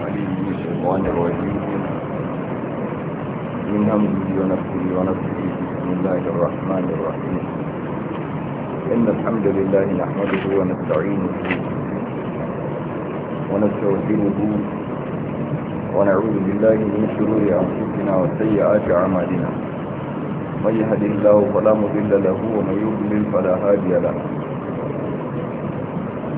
العليم من الشيطان الرجيم من همزه ونفسه ونفسه بسم الله الرحمن الرحيم إن الحمد لله نحمده ونستعينه ونستغفره ونعوذ بالله من شرور أنفسنا وسيئات أعمالنا من يهد الله فلا مضل له ومن يضلل فلا هادي له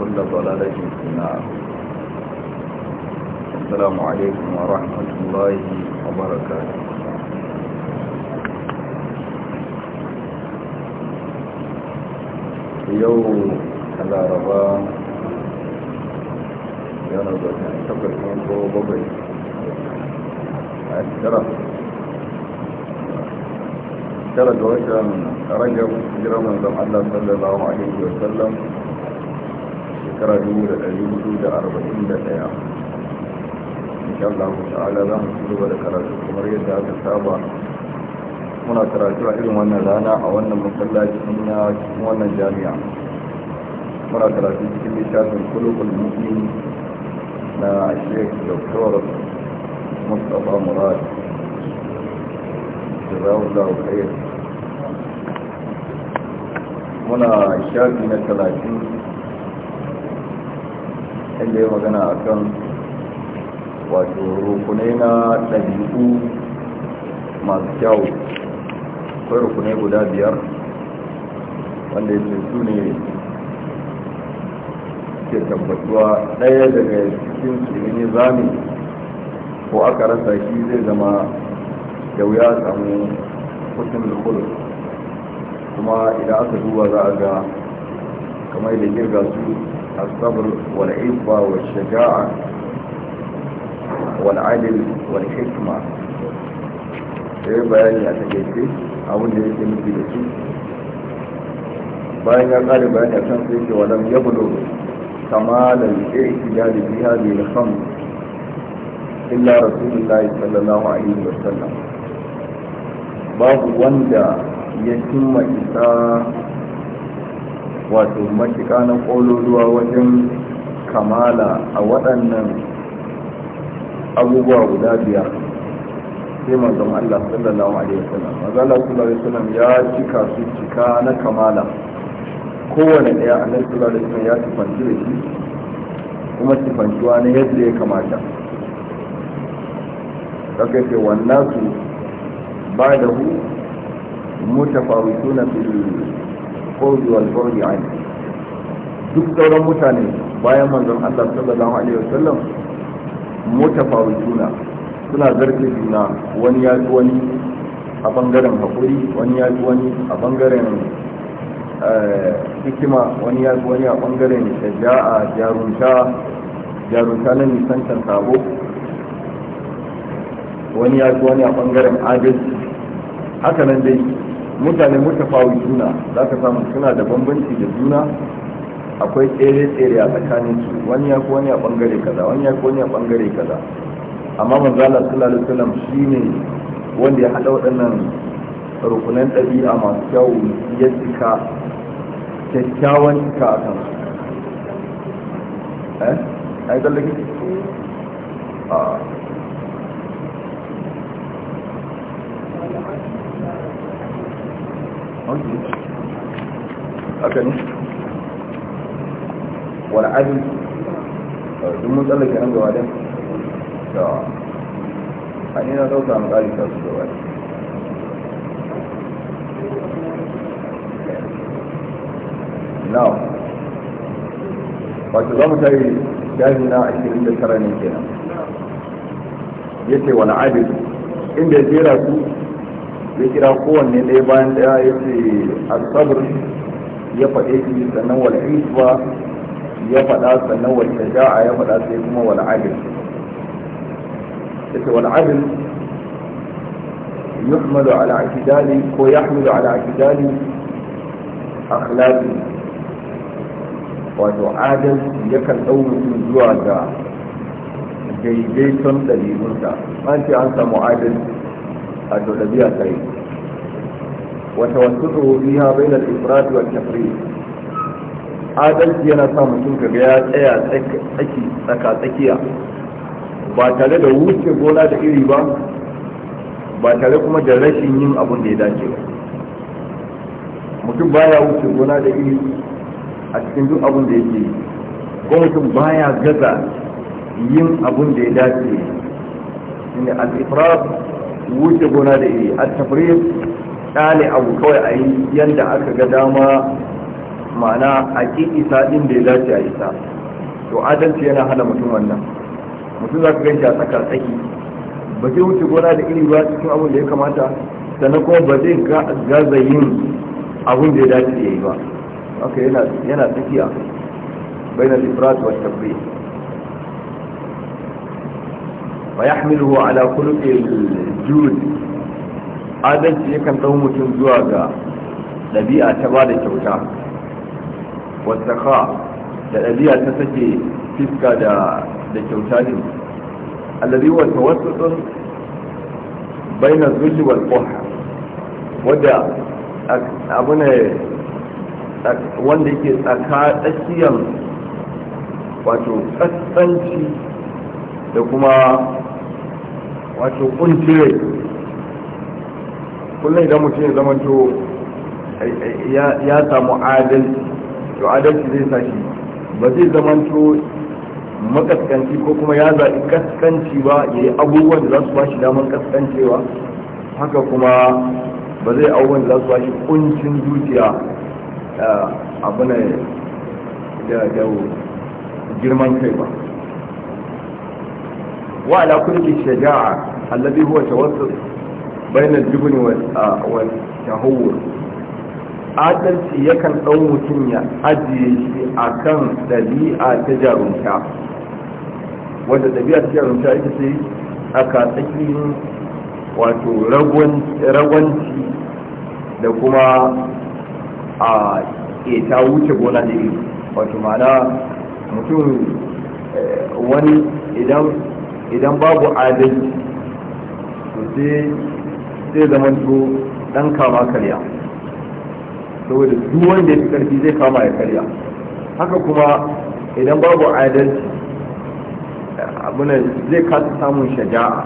كل ضلالة في النار السلام عليكم ورحمة الله وبركاته يوم الأربعاء ينظر أن تقل منه بضي الشرف ترى الوجه رجب جرما الله صلى الله عليه وسلم shekara 1441 insha Allah ta'ala za mu ci gaba da karatu kamar yadda aka saba muna karatu a irin wannan rana a wannan masallacin na cikin wannan jami'a muna karatu cikin littafin kulubul mu'min na Sheikh Dr. Mustafa Murad jazakallahu khair muna shafi na talatin. inda ya magana a kan wato rukunai na ɗabi'u masu kyau akwai rukunai guda biyar wanda ya ce su ne ke tabbatuwa ɗaya daga cikin su zami ko aka rasa shi zai zama da wuya samu hutun kuma idan aka duba za a ga kamar da girga su الصبر والعفة والشجاعة والعدل والحكمة sai bayani a takaice abin da yake nufi da shi bayan ya kare bayani a kan sai ke walam ya bulo kamalar ihtidali fi hadhihi al-khams illa rasulullahi sallallahu alaihi sallam babu wanda ya cimma isa wato mashika na ƙololuwa wajen kamala a waɗannan abubuwa guda biyar sai manzon Allah sallallahu alaihi wasallam manzon Allah sallallahu alaihi wasallam ya cika su cika na kamala kowane ɗaya nan sallallahu alaihi wasallam ya sifanci da shi kuma sifantuwa na yadda ya kamata kaga ke wannan su ba da hu mutafarrisuna fil الفوز والفرج عنه duk sauran mutane bayan manzon Allah sallallahu alaihi wasallam mutafawituna suna zarge juna wani ya ji wani a bangaren hakuri wani ya ji wani a bangaren eh, hikima wani ya ji wani a bangaren shaja'a jarunta jarunta na nisantar sabo wani ya ji wani a bangaren adalci haka nan dai mutane mutafawi juna za ka samu suna da bambanci da juna akwai tsere-tsere a tsakanin su wani ya ko wani a bangare kaza wani ya ko wani a bangare kaza amma manzala Allah sallallahu alaihi wasallam shine wanda ya hada waɗannan rukunan ɗabi'a masu kyawu ya cika kyakkyawan cika a kan su eh ai haka ne wani abin duk mun tsallake nan gaba din da a nina dauka mu ƙari ta su gaba now wato za mu tare shafi na ashirin da tara ne kenan yace wani abin inda jera su ya kira kowanne ɗaya bayan ɗaya ya ce asabar ya faɗe shi sannan wal isba ya faɗa sannan wal shaja'a ya faɗa sai kuma wal adil yace wal adil yuhmalu ala akidali ko yahmalu ala akidali akhlaqi wato adal yakan ɗau mutum zuwa ga daidaiton ɗabi'unsa an ce an samu adalci a wata wasu tsohobi da ifrat wa adalci yana sa mutum ka ga ya tsaya tsaki tsaka tsakiya ba tare da wuce gona da iri ba ba tare kuma da rashin yin abin da ya dace ba mutum baya wuce gona da iri a cikin duk abin da yake ko mutum baya gaza yin abin da ya dace ne al-ifrat wuce gona da iri a tafrif ɗale abu kawai a yi yadda aka ga dama ma'ana a ƙi isa ɗin da ya dace a isa to adalci yana hana mutum wannan mutum za ka shi a tsakar tsaki ba zai wuce gona da iri ba cikin abin da ya kamata sannan kuma ba zai gaza yin abin da ya dace ya yi ba haka yana tsakiya bayan al wa tafrif ويحمله على خلق الجود adalci kan ɗau mutum zuwa ga ɗabi'a ta ba da kyauta wasaka da ɗabi'a ta sake fiska da kyauta ne allazi wata wasu sun baina zulli wal qoha wadda abu ne wanda yake tsaka tsakiyar wato tsantsanci da kuma wato kunce kullum idan mutum ya zama to ya samu adalci to adalci zai sashi ba zai zama to makaskanci ko kuma ya zaɓi kaskanci ba ya yi abubuwan da za su bashi damar kaskancewa haka kuma ba zai abubuwan da za su bashi kuncin zuciya eh, abu da girman kai ba وعلى كل الشجاعة الذي هو توسط بين الجبن والتهور adalci yakan ɗau mutum ya ajiye shi a kan ɗabi'a ta jarumta wanda ɗabi'a ta jarumta ita ce a katsakin wato da kuma a ta wuce gona da wato mutum wani idan idan babu adalci to sai zai zama to dan kama karya saboda duk wanda ya karfi zai kama ya karya haka kuma idan babu adalci abunan zai kasa samun shaja'a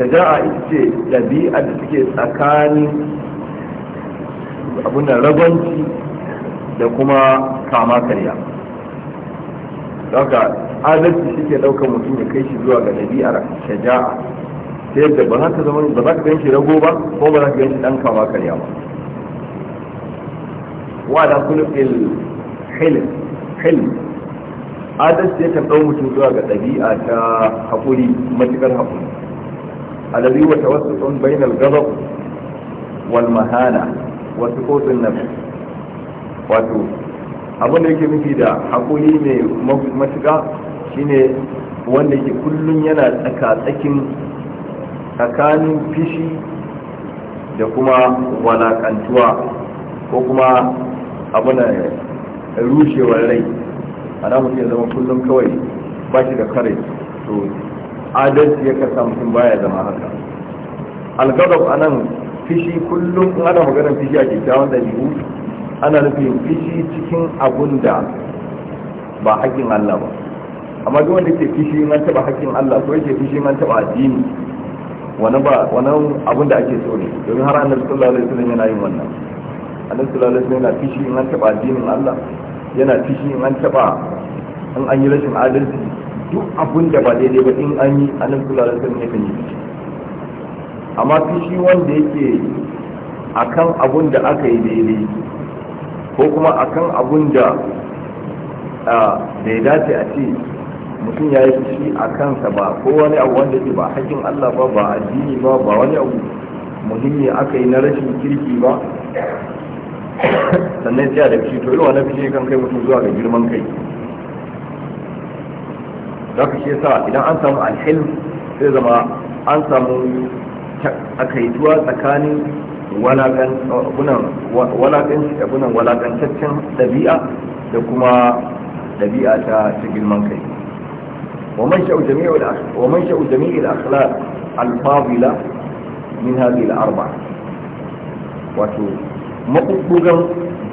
shaja'a ita ce ɗabi'a da suke tsakanin abunan ragonci da kuma kama karya daga adalci shi ke ɗaukar mutum ya kai shi zuwa ga ɗabi'ar shaja'a ta yadda ba za ka zama ba za ka gan shi rago ba ko ba za ka gan shi ɗan kama karya ba wa da il hil hil adalci yakan ɗau mutum zuwa ga ɗabi'a ta haƙuri matuƙar haƙuri alladhi wa tawassutun bainal ghadab wal mahana wa tuqutun nafs wato abin da yake nufi da haƙuri mai matuƙa shine wanda ke kullum yana tsaka-tsakin tsakanin fishi da kuma walakantuwa ko kuma abuna rushewar rai a namun ya zama kullum kawai ba shi da kare to adalci ya kasa mutum baya zama haka a nan fishi kullum in ana maganar fishi a kyakkyawan dabi'u ana nufin fishi cikin abun da ba haƙƙin Allah ba amma duk wanda ke kishi in an taba hakkin Allah ko yake kishi in an taba addini wani ba wani abin da ake so ne domin har annabi sallallahu alaihi wasallam yana yin wannan annabi sallallahu alaihi wasallam yana kishi in an taba addinin Allah yana kishi in an taba in an yi rashin adalci duk abin da ba daidai ba in an yi annabi sallallahu alaihi wasallam yakan yi amma kishi wanda yake akan abun da aka yi daidai ko kuma akan abun da ah, bai dace a ce mutum ya yi fushi a kansa ba ko wani abu wanda ke ba hakkin Allah ba ba addini ba ba wani abu muhimmi aka yi na rashin kirki ba sannan tsaya da fushi to irin wani fushi kan kai mutum zuwa ga girman kai za ka shi yasa idan an samu alhil sai zama an samu akaituwa tsakanin walakantaccen ɗabi'a da kuma ɗabi'a ta girman kai ومنشأ جميع ومنشأ جميع الأخلاق الفاضلة من هذه الأربعة wato maɓuɓɓugan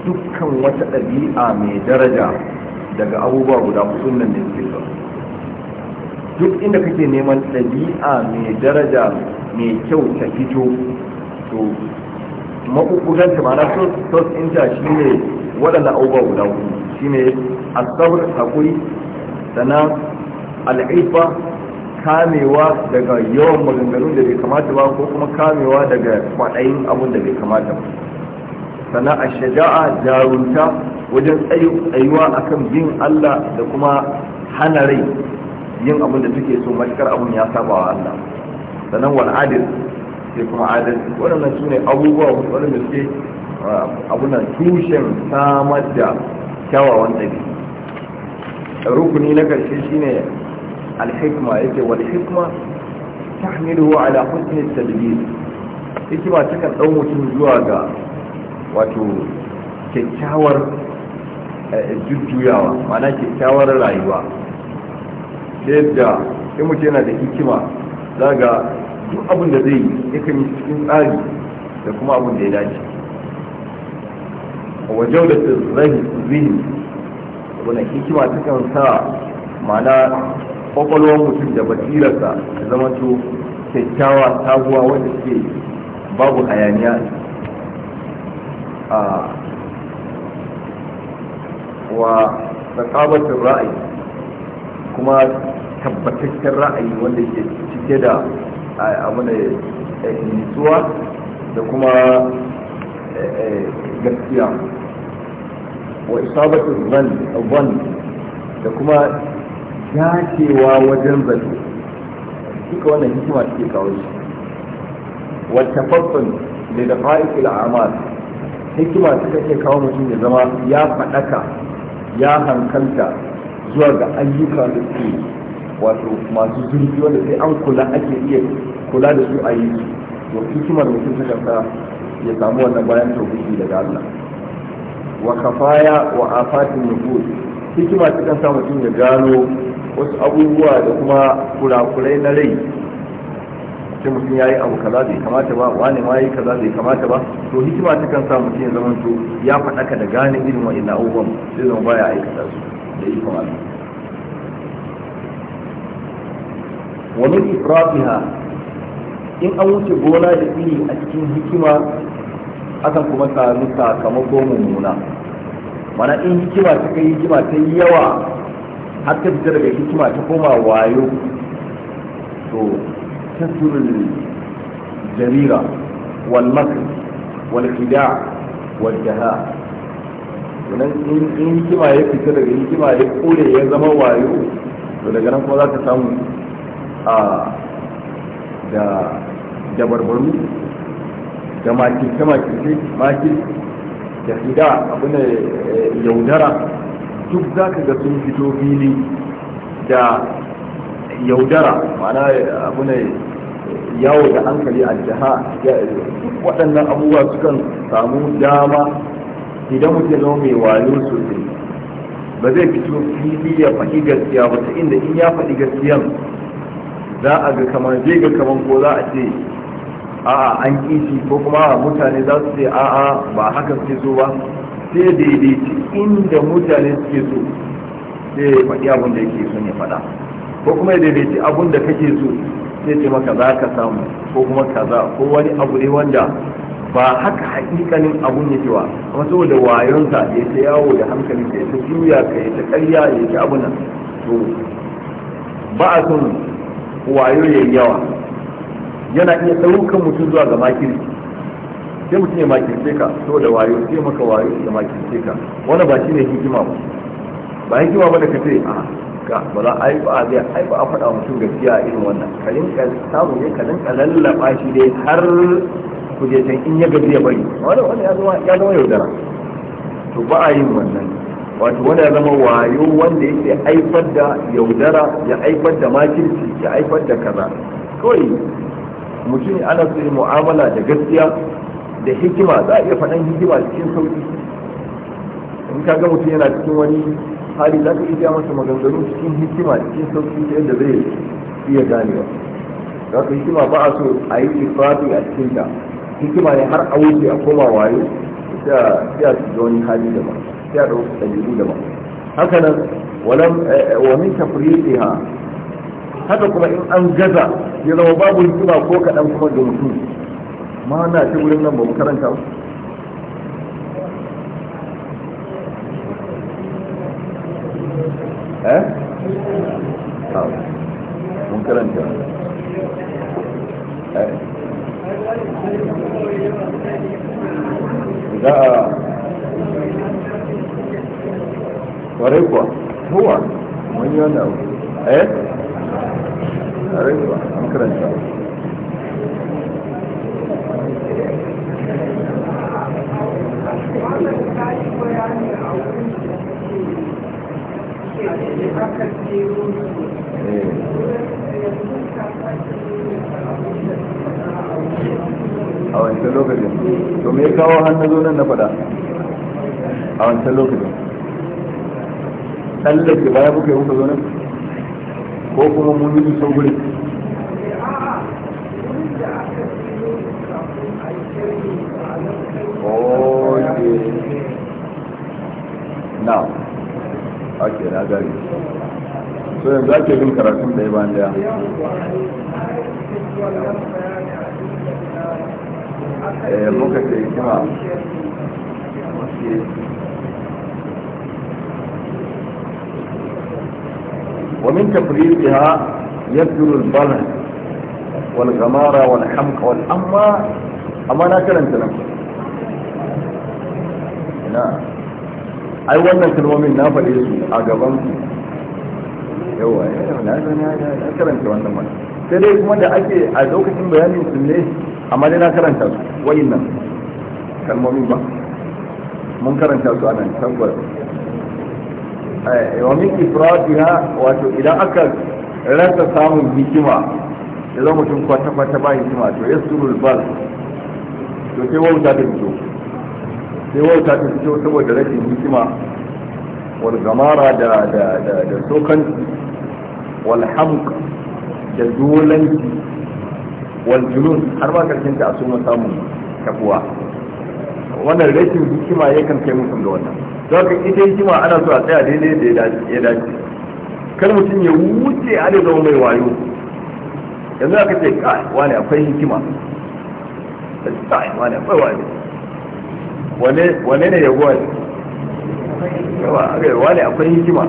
dukkan wata ɗabi'a mai daraja daga abubuwa guda sunan da suke ba duk inda kake neman ɗabi'a mai daraja mai kyau ta fito to maɓuɓɓugan ta mana sos inta shi ne waɗanda abubuwa guda hudu shi ne asabar haƙuri sannan al'ifa kamewa daga yawan maganganun da bai kamata ba ko kuma kamewa daga kwaɗayin abun da bai kamata ba Sana'a, a shaja'a jarunta wajen tsayuwa akan bin Allah da kuma hana rai yin abin da take so mashikar abin ya saba wa Allah sannan wal adil sai kuma adil waɗannan su ne abubuwa da suke abunan tushen samar da kyawawan ɗab'i rukuni na ƙarshe shine alhikma yake wal hikma tahmiluhu ala husni tadbir hikima takan dau mutum zuwa ga wato kyakkyawar eh, jujjuyawa ma'ana kyakkyawar rayuwa yadda in mutum yana da hikima za ga duk abin da zai yi yakan cikin tsari da kuma abin da ya dace wajen da zai zini wani hikima takan sa ma'ana kwakwalwar mutum da basirarsa ta zama to kyakkyawa sabuwa wanda suke babu hayaniya a wa tsakabatin ra'ayi kuma tabbataccen ra'ayi wanda ke cike da abin da eh, da kuma eh, eh, gaskiya wa isabatin zan da kuma dacewa wajen zato duka wannan hikima take kawo shi wata faffin da da fa'ikil amal hikima suka ke kawo mutum ya zama ya faɗaka ya hankalta zuwa ga ayyuka da suke wato masu zurfi wanda sai an kula ake iya kula da su a yi to hikimar mutum ta kasa ya samu wannan bayan tauhidi daga Allah wa kafaya wa afatin nufus hikima ta kan samu mutum ya gano wasu abubuwa da kuma kurakurai na rai sai mutum ya yi abu kaza bai kamata ba wani ma yi kaza bai kamata ba to hikima ta kan samu mutum ya zama to ya faɗaka da gane irin ina abubuwan zai zama baya aikata su da ikon Allah wa min ifratiha in an wuce gona da iri a cikin hikima akan kuma samu sakamako mummuna mana in hikima ta kai hikima ta yi yawa har ta fita daga hikima ta koma wayo to ta tasirin jarira wal makr wal khida wal jaha wannan in hikima ya fita daga hikima ya kore ya zama wayo to daga nan kuma za ka samu a da barbaru da kama makirce makin da hida eh, abu ne yaudara duk za ka ga sun fito fili da yaudara mana eh, abu ne eh, yawo da hankali a jiha duk waɗannan abubuwa sukan samu dama idan mutum zama mai wayo sosai ba zai fito fili ya faɗi gaskiya ba ta inda in ya faɗi gaskiyan za a ga kamar zai ga kamar ko za a ce a'a an kishi ko kuma mutane za su ce a'a ba haka suke so ba sai daidaici inda mutane suke so sai ya faɗi abin da yake son ya faɗa ko kuma ya daidaici abin da kake so sai ce maka za ka samu ko kuma kaza ko wani abu ne wanda ba haka hakikanin abun yake ba amma saboda wayonsa ya ta yawo da hankali ka ya ta juya ka ya ta karya ya ta abu nan to ba a son wayo ya yawa yana iya ɗaukan mutum zuwa ga makiri sai mutum ya makirce ka so da wayo sai maka wayo ya makirce ka Wani ba shi ne hikima ba ba hikima ba da ka ce a ka ba za a yi ba a zai a a faɗa mutum ga a irin wannan ka rinka samu ne ka ka lallaba shi dai har kuje can in ya gaji ya bari Wani ya zama ya zama yaudara to ba a yin wannan wato wanda ya zama wayo wanda yake haifar da yaudara ya haifar da makirci ya haifar da kaza kawai mutum ana so yi mu'amala da gaskiya da hikima za a iya faɗan hikima cikin sauƙi in ka ga mutum yana cikin wani hali za ka iya masa maganganu cikin hikima cikin sauƙi ta yadda zai iya ganewa za ka hikima ba a so a yi ifafi a cikin ta hikima ne har a wuce a koma wayo sai a shiga wani hali da ba sai a ɗauki ɗabi'u da ba haka nan eh, wa min tafriqiha haka kuma in an gaza ya zama babu hikima ko kaɗan kuma da mutum ma na ce wurin nan ba mu karanta ba eh? mun karanta eh? za a kuwa kowa wani yana eh a wancan lokacin to me kawo hannu hannun zonan na fada a wancan lokacin tsallake baya kuka yi kuka zonan ko kuma mun yi sun guri okay now okay na gari so yanzu ake yin karatun da ya bayan daya eh muka ce kuma ومن تفريقها يبدل البلد والغمارة والحمق والأمة أما لا كلام كلام نعم أي وانا كلمة نافع يسوع أجابهم yawa na zan ya karanta wannan mana sai dai kuma da ake a lokacin bayanin su ne amma dai na karanta su kalmomin ba mun karanta su Eh, wa min ifradiha wato idan aka rasa samun hikima idan mutum kwata kwata ba hikima to ya bal to sai wauta ta fito sai wauta ta fito saboda rashin hikima wal gamara da da da da sokan wal hamq da dolanci wal har ba karkin ta a samun takuwa wannan rashin hikima yakan kai mutum da wannan don haka ita hikima ana so a tsaya daidai da ya dace kar mutum ya wuce a da zama mai wayo yanzu aka ce kai wani akwai hikima kai wani akwai wayo wane ne ya gowa yawa wani akwai hikima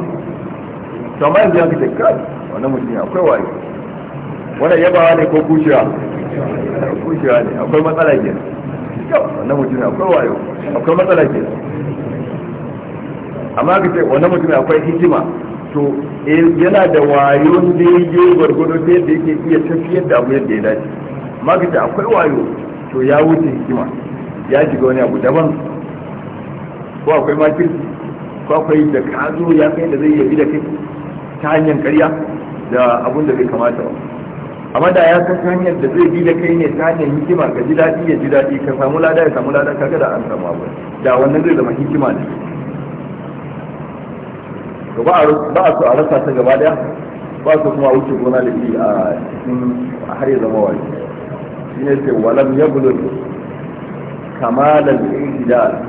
to amma yanzu aka ce kai wani mutum akwai wayo Wani yabawa ne ko kushewa kushewa ne akwai matsala kenan wannan mutum akwai wayo akwai matsala ke amma ka ce wannan mutum akwai hikima to eh, yana da wayon da ya je gwargwado ta yadda yake iya tafiyar da abu yadda ya dace amma ka ce akwai wayo to ya wuce hikima ya shiga wani abu daban ko akwai makirci ko akwai da kazo ya kai da zai yabi da kai ta hanyar karya da abun da bai kamata ba amma da ya san hanyar da zai bi da kai ne ta hanyar hikima ka ji daɗi ya ji daɗi ka samu lada ya samu lada kaga da an samu abu da wannan zai zama hikima ne to ba a so a rasa ta gaba daya ba su kuma a wuce gona da shi a cikin har ya zama wani shi ne ce walam ya bulur kamalar ijidal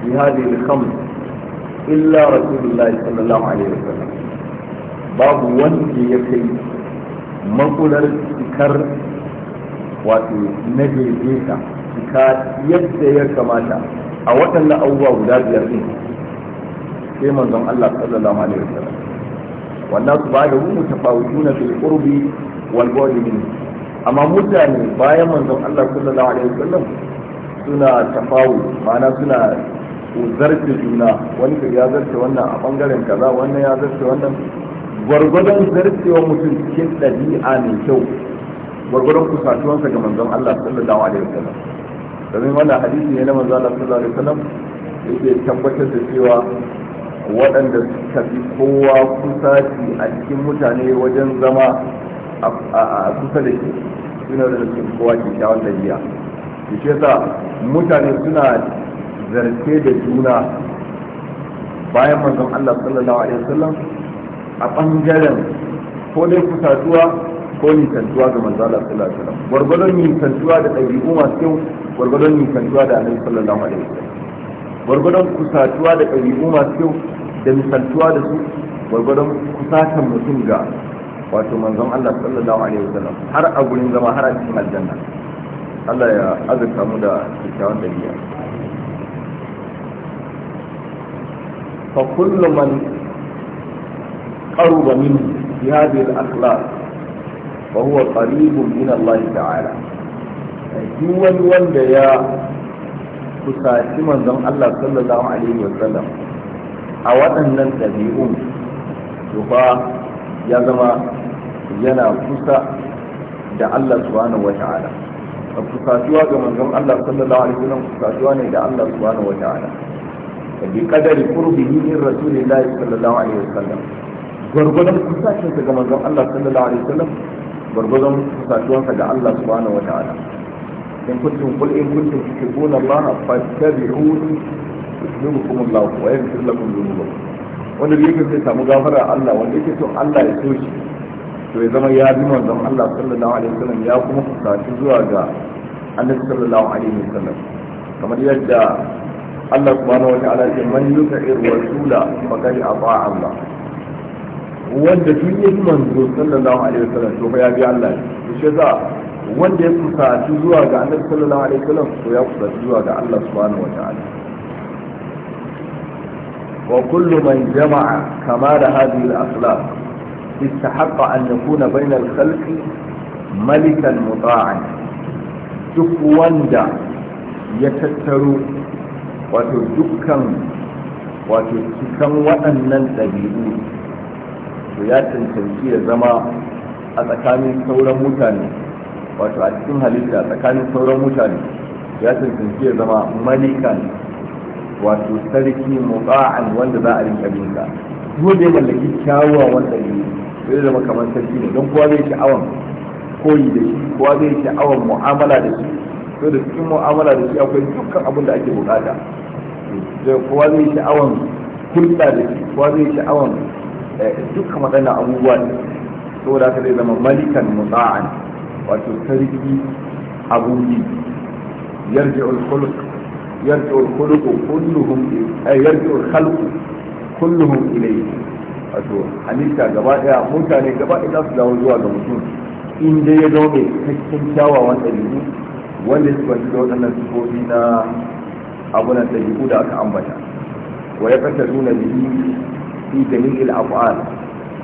fi hadhihi al-khams illa rasulullahi sallallahu alaihi wasallam babu wanda ya kai makular cikar wato na daidaita cika yadda ya kamata a waɗannan abubuwa guda biyar ne sai manzon Allah sallallahu alaihi sallam wannan su ba da mu juna fil qurbi wal bu'd min amma mutane bayan manzon Allah sallallahu alaihi sallam suna tafawu ma'ana suna zarce juna wani ya zarta wannan a bangaren kaza wannan ya zarta wannan gwargwadon zarcewa mutum cikin ɗabi'a mai kyau gwargwadon kusatuwansa ga manzon Allah sallallahu alaihi wasallam domin wannan hadisi ne na manzon Allah sallallahu alaihi wasallam yake tabbatar da cewa waɗanda suka fi kowa kusaci a cikin mutane wajen zama a kusa da shi suna da cikin kowa ke kyawun ɗabi'a shi shi yasa mutane suna zarce da juna bayan manzon Allah sallallahu alaihi wasallam a ɓangaren ko dai kusatuwa ko nisantuwa ga manzo Allah sallallahu alaihi wasallam gwargwadon nisantuwa da ɗabi'u masu kyau gwargwadon nisantuwa da annabi sallallahu alaihi wasallam gwargwadon kusatuwa da ɗabi'u masu kyau da misaltuwa da su gwargwadon kusatan mutum ga wato manzon Allah sallallahu alaihi wasallam har a gurin zama har a cikin aljanna Allah ya azurta mu da kyakkyawan ɗari'a fa kullu man قرب منه في هذه الأخلاق فهو قريب من الله تعالى دول ولد يا كساتي من ذن الله صلى الله عليه وسلم أولا ننتبهون يبا يزما ينا كسا da Allah subhanahu wata'ala kusatuwa ga manzon Allah sallallahu alaihi wasallam ne da Allah subhanahu wata'ala bi qadari qurbihi min rasulillahi sallallahu alaihi wasallam gwargwadon kusacinsa ga manzon Allah sallallahu alaihi wasallam gwargwadon kusacinsa ga Allah subhanahu wataala in kuntum qul in kuntum tuhibbuna Allah fattabi'uni yuhibbukum Allah wa yaghfir lakum dhunubakum wanda da yake sai samu gafara Allah wanda yake so Allah ya so shi to ya zama ya bi manzon Allah sallallahu alaihi wasallam ya kuma kusaci zuwa ga Annabi sallallahu alaihi wasallam kamar yadda Allah subhanahu wa ta'ala ya man yuta'ir rasula faqad ata'a Allah wanda tun ya yi manzo sallallahu alaihi wasallam to fa ya bi Allah ne shi yasa wanda ya kusaci zuwa ga annabi sallallahu alaihi wasallam to ya kusaci zuwa ga Allah subhanahu wataala wa kullu man jama'a da hadhihi al-akhlaq istahaqqa an yakuna bayna al-khalqi malikan muta'an duk wanda ya tattaro wato dukkan wato cikan waɗannan ɗabi'u to ya cancanci ya zama a tsakanin sauran mutane wato a cikin halitta tsakanin sauran mutane ya cancanci ya zama malikan wato sarki muqa'an wanda za a rinka bin ka da ya mallaki kyawawa wanda ne sai zama kamar sarki ne don kowa zai sha'awan koyi da shi kowa zai sha'awan mu'amala da shi to da cikin mu'amala da shi akwai dukkan abin da ake bukata kowa zai sha'awan hulɗa da shi kowa zai sha'awan Eh, dukkan waɗannan abubuwa ne saboda haka zai zama malikan musa'an wato sarki abubi yarje khuluq yarji'ul khuluq kulluhum eh, yarji'ul kulluhum ilayhi wato halitta gaba daya mutane gaba daya su dawo zuwa ga mutum in dai ya zama mai cikakken kyawawan ɗabi'u wanda su kwanci da waɗannan sifofi na abunan ɗabi'u da aka ambata wa ya kasa nuna bihi fi jami'il af'al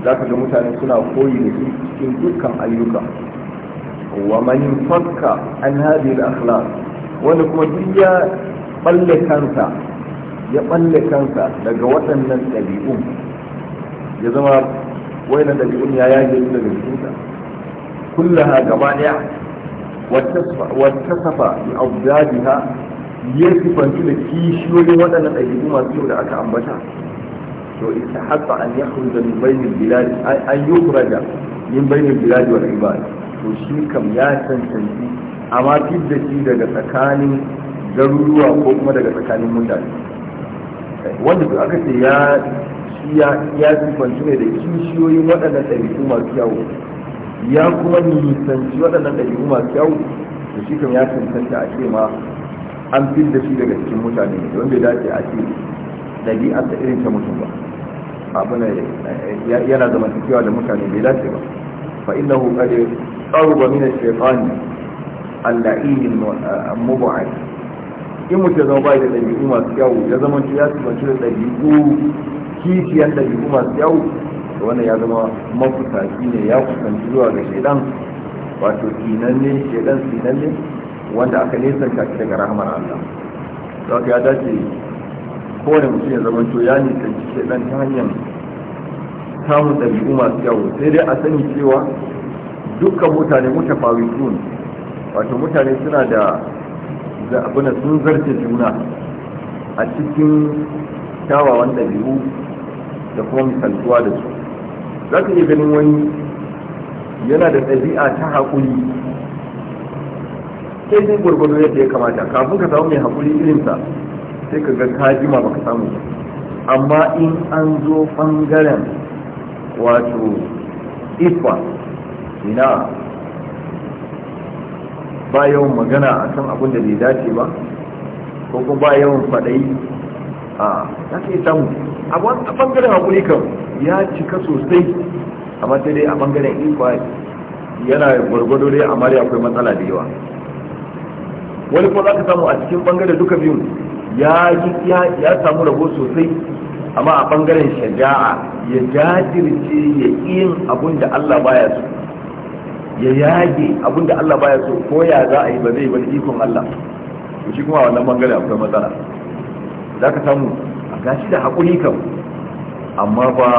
za ka ga mutane suna koyi da shi cikin dukkan ayyuka wa man fakka an hadhihi al-akhlaq wanda kuma duk ya balle kansa ya balle kansa daga waɗannan ɗabi'un ya zama wayannan ɗabi'un ya yage su daga jikinsa kullaha gaba ɗaya wata safa bi abdadiha ya sifantu da kishiyoyin waɗannan ɗabi'u masu yau da aka ambata to istahabba an yakhruja min bainil bilad an yukhraja min bainil bilad wal ibad to shi kam ya tantance amma fidda shi daga tsakanin garuruwa ko kuma daga tsakanin mutane wanda duk aka ce ya ya sifanci ne da kishiyoyin waɗannan ɗabi'u masu kyau, ya kuma nisanci waɗannan ɗabi'u masu kyau? To shi kam ya cancanta a ce ma an fidda shi daga cikin mutane wanda ya dace a ce ɗabi'ar ta irin ta mutum ba abin yana zamantakewa da mutane bai dace ba fa innahu qad qaruba min ash-shaytan al-la'in al-mub'ad in mutum zama bai da dabi'u masu kyawu ya zama ya tsubanci da dabi'u kishiyar dabi'u masu kyawu da wannan ya zama mafusaci ne ya kusanci zuwa ga shaidan wato sinanne shaidan sinanne wanda aka nesanta shi daga rahamar Allah. Zaka ya dace kowane mutum ya zama to ya cike dan ta hanyar samun ɗabi'u masu yawo sai dai a sani cewa duka mutane tun, wato mutane suna da da sun zarce juna a cikin kyawawan ɗabi'u da kuma misaltuwa da su za ka iya ganin wani yana da ɗabi'a ta haƙuri sai dai gwargwado yadda ya kamata kafin ka samu mai haƙuri irinsa sai ka ga ka jima baka samu amma in an zo bangaren wato ifa ina ba yawan magana a kan abin da bai dace ba ko kuma ba yawan faɗai a za ka yi samu a bangaren haƙuri kan ya cika sosai amma sai dai a bangaren ifa yana gwargwado dai amma dai akwai matsala da yawa wani kuma za ka samu a cikin bangare duka biyu ya samu rabo sosai amma a bangaren shaja'a ya jajirce ya yin abun da Allah baya so ya yage abun da Allah baya so ko ya za a yi ba zai bar ikon Allah to shi kuma wannan bangare akwai matsala za ka samu a gashi da haƙuri kam amma ba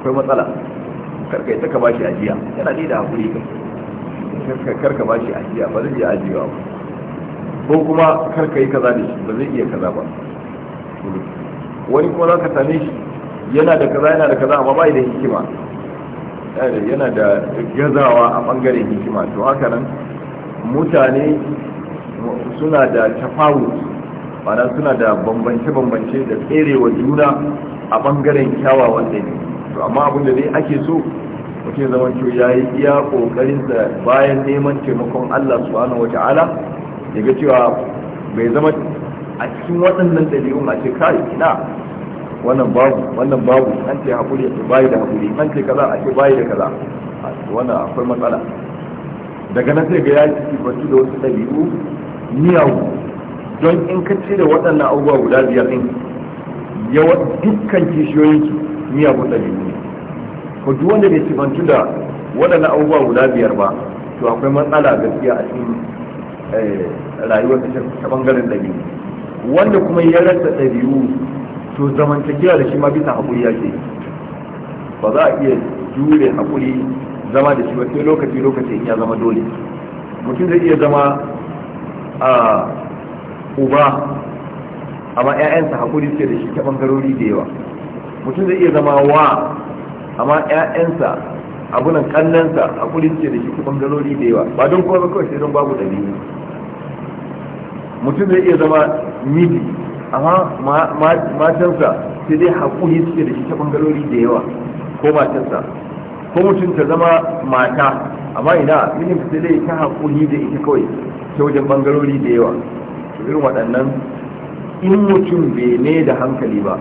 akwai matsala karka ita ka bashi ajiya yana ne da haƙuri kam karka bashi ajiya ba zai iya ajiyawa ba ko kuma kar ka yi kaza da shi ba zai iya kaza ba wani kuma za ka same shi yana da kaza yana da kaza amma bai da hikima yana da gazawa a bangaren hikima to haka nan mutane suna da tafawu mana suna da bambance-bambance da tserewa juna a bangaren kyawawan ne to amma abin da dai ake so mutum zaman ya yi iya ƙoƙarinsa bayan neman taimakon Allah subhanahu ta'ala daga cewa bai zama a cikin waɗannan ɗabi'un a ce kai ina wannan babu wannan babu an ce hakuri a ce bayi da hakuri an ce kaza a ce bayi da kaza wannan akwai matsala daga nan sai ga ya ci batu da wasu ɗabi'u miyawu don in ka da waɗannan abubuwa guda biyar ɗin yawa dukkan kishiyoyin su miyagun ɗabi'u ne ko duk wanda bai ci batu da waɗannan abubuwa guda biyar ba to akwai matsala gaskiya a cikin Eh, rayuwar ta bangaren ɗabi'u wanda kuma ya rasa dabi'u to zamantakewa da shi ma bisa haƙuri ya ce ba za a iya jure haƙuri zama da shi ba sai lokaci lokaci in ya zama dole mutum zai iya zama a uba amma 'ya'yansa haƙuri suke da shi ta bangarori da yawa mutum zai iya zama wa amma 'ya'yansa abunan kannansa a kudin ce da shi kuma bangarori da yawa ba don kuma kawai sai don babu dalili mutum zai iya zama miji amma matansa sai dai haƙuri suke da shi ta bangarori da yawa ko matansa ko mutum ta zama mata amma ina mijinta sai dai ta haƙuri da ita kawai ta wajen bangarori da yawa irin waɗannan in mutum bai ne da hankali ba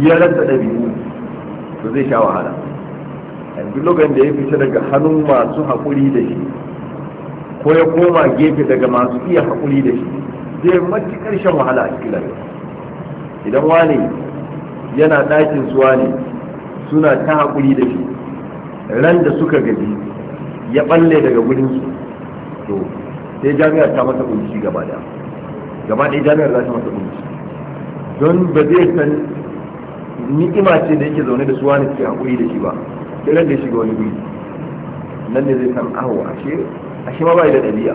ya rasa ɗabi'u to zai sha wahala duk lokacin da ya fita daga hannun masu haƙuri da shi ko ya koma gefe daga masu iya haƙuri da shi zai mace ƙarshen wahala a cikin rayuwa idan wani yana ɗakin su wani suna ta haƙuri da shi ran da suka gaji ya balle daga su to sai jami'ar ta masa kunci gaba da gaba ɗaya jami'ar za ta masa kunci don ba zai san ni'ima ce da yake zaune da su wani ke haƙuri da shi ba kiran da shiga wani wuri nan ne zai san aho ashe ashe ma bai da dabi'a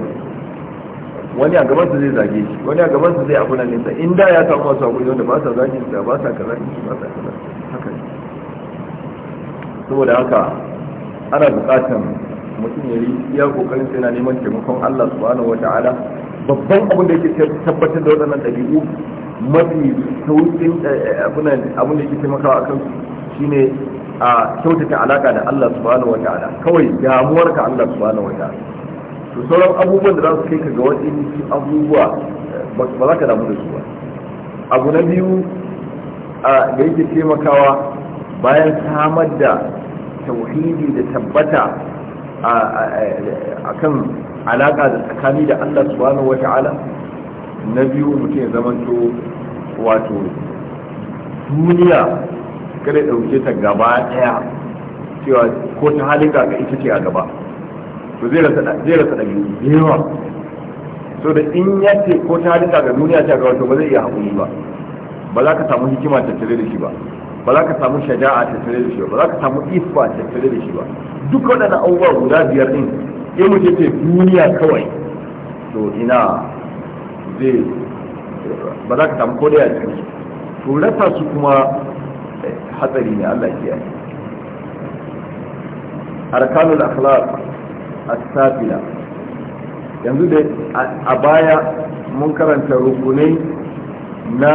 wani a gabansa zai zage shi wani a gabansa zai abu nan nisa in da ya samu wasu abu wanda ba sa zage shi da ba sa kaza shi ba sa kaza haka ne saboda haka ana buƙatan mutum ya yi iya kokarin sai na neman taimakon Allah subhanahu ta'ala babban abin da yake tabbatar da waɗannan ɗabi'u mafi sauƙin eh, eh, abin da yake taimakawa a kansu shine a kyautata alaka da Allah subhanahu wataala kawai damuwar ka Allah subhanahu wataala to sauran abubuwan da za su kai ka ga wani abubuwa ba za ka damu da su ba abu na biyu da yake taimakawa bayan samar da tauhidi da tabbata a kan alaƙa da tsakani da Allah subhanahu wata'ala na biyu mutum ya zamanto wato duniya kare ɗauke ta gaba ɗaya cewa ko ta halika ga ita ce a gaba to zai rasa ɗabi'u da yawa so da in ya ce ko ta halika ga duniya ce a gaba to ba zai iya haƙuri ba ba za ka samu hikima tattare da shi ba ba za ka samu shaja'a tattare da shi ba ba za ka samu ifa tattare da shi ba duk waɗannan abubuwa guda biyar ɗin in mutum ce duniya kawai to ina zai ba za ka samu ko da ya cikin su to rasa su kuma hatsari ne Allah yi arkanul akhlaq as-sabila yanzu da a baya mun karanta rukunai na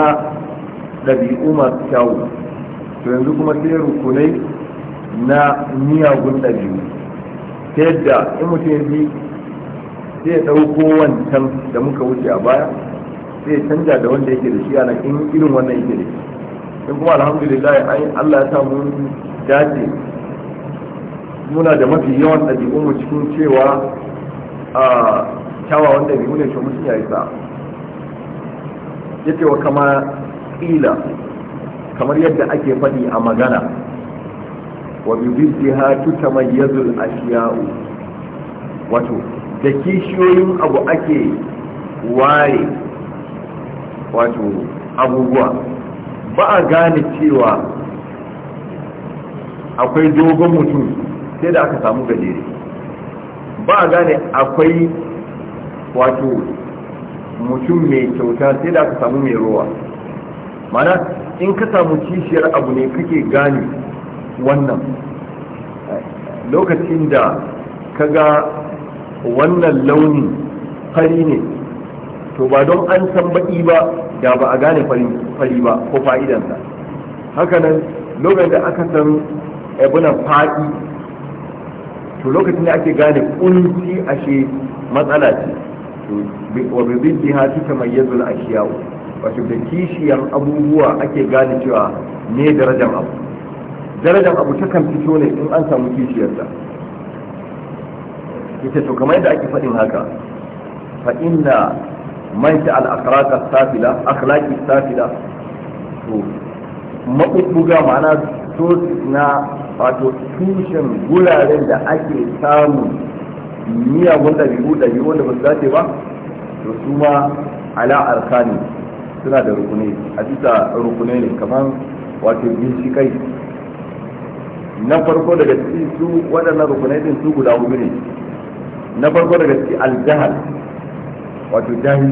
ɗabi'u masu kyawu to yanzu kuma sai rukunai na miyagun ɗabi'u ta yadda in mutum ya bi sai ya ɗauko wancan da muka wuce a baya sai ya canja da wanda yake da shi a in irin wannan yake da shi in kuma alhamdulillah Allah ya samu dace muna da mafi yawan mu cikin cewa a kyawawan ɗabi'u ne mutum ya yi sa ya cewa wa kama ƙila kamar yadda ake faɗi a magana wa bibiddiha tutamayyazul ashiya'u wato da kishiyoyin abu ake waye wato abubuwa ba a gane cewa akwai dogon mutum sai da aka samu gajere ba a gane akwai wato mutum mai kyauta sai da aka samu mai rowa mana in ka samu kishiyar abu ne kake gane wannan lokacin da ka ga wannan launin fari ne to ba don an san ba da ba a gane fari ba ko fa'idansa hakanan lokacin da aka san abunan fa'i to lokacin da ake gane kunci ashe matsala ce to wa bi a tutamayyazul ashiya'u wato da kishiyar abubuwa ake gane cewa ne darajar abu darajar abu ta kan fito ne in an samu kishiyarsa ita to kamar yadda ake faɗin haka fa man sha al'akaraka safila akhlaki safila to maɓuɓɓuga ma'ana sources na wato tushen guraren da ake samun miyagun ɗabi'u ɗabi'u wanda ba su dace ba to su ma ala arkani suna da rukunai a bisa rukunai ne kamar wato ginshikai na farko daga ciki su waɗannan rukunai din su guda hudu ne na farko daga ciki aljahal wato jahil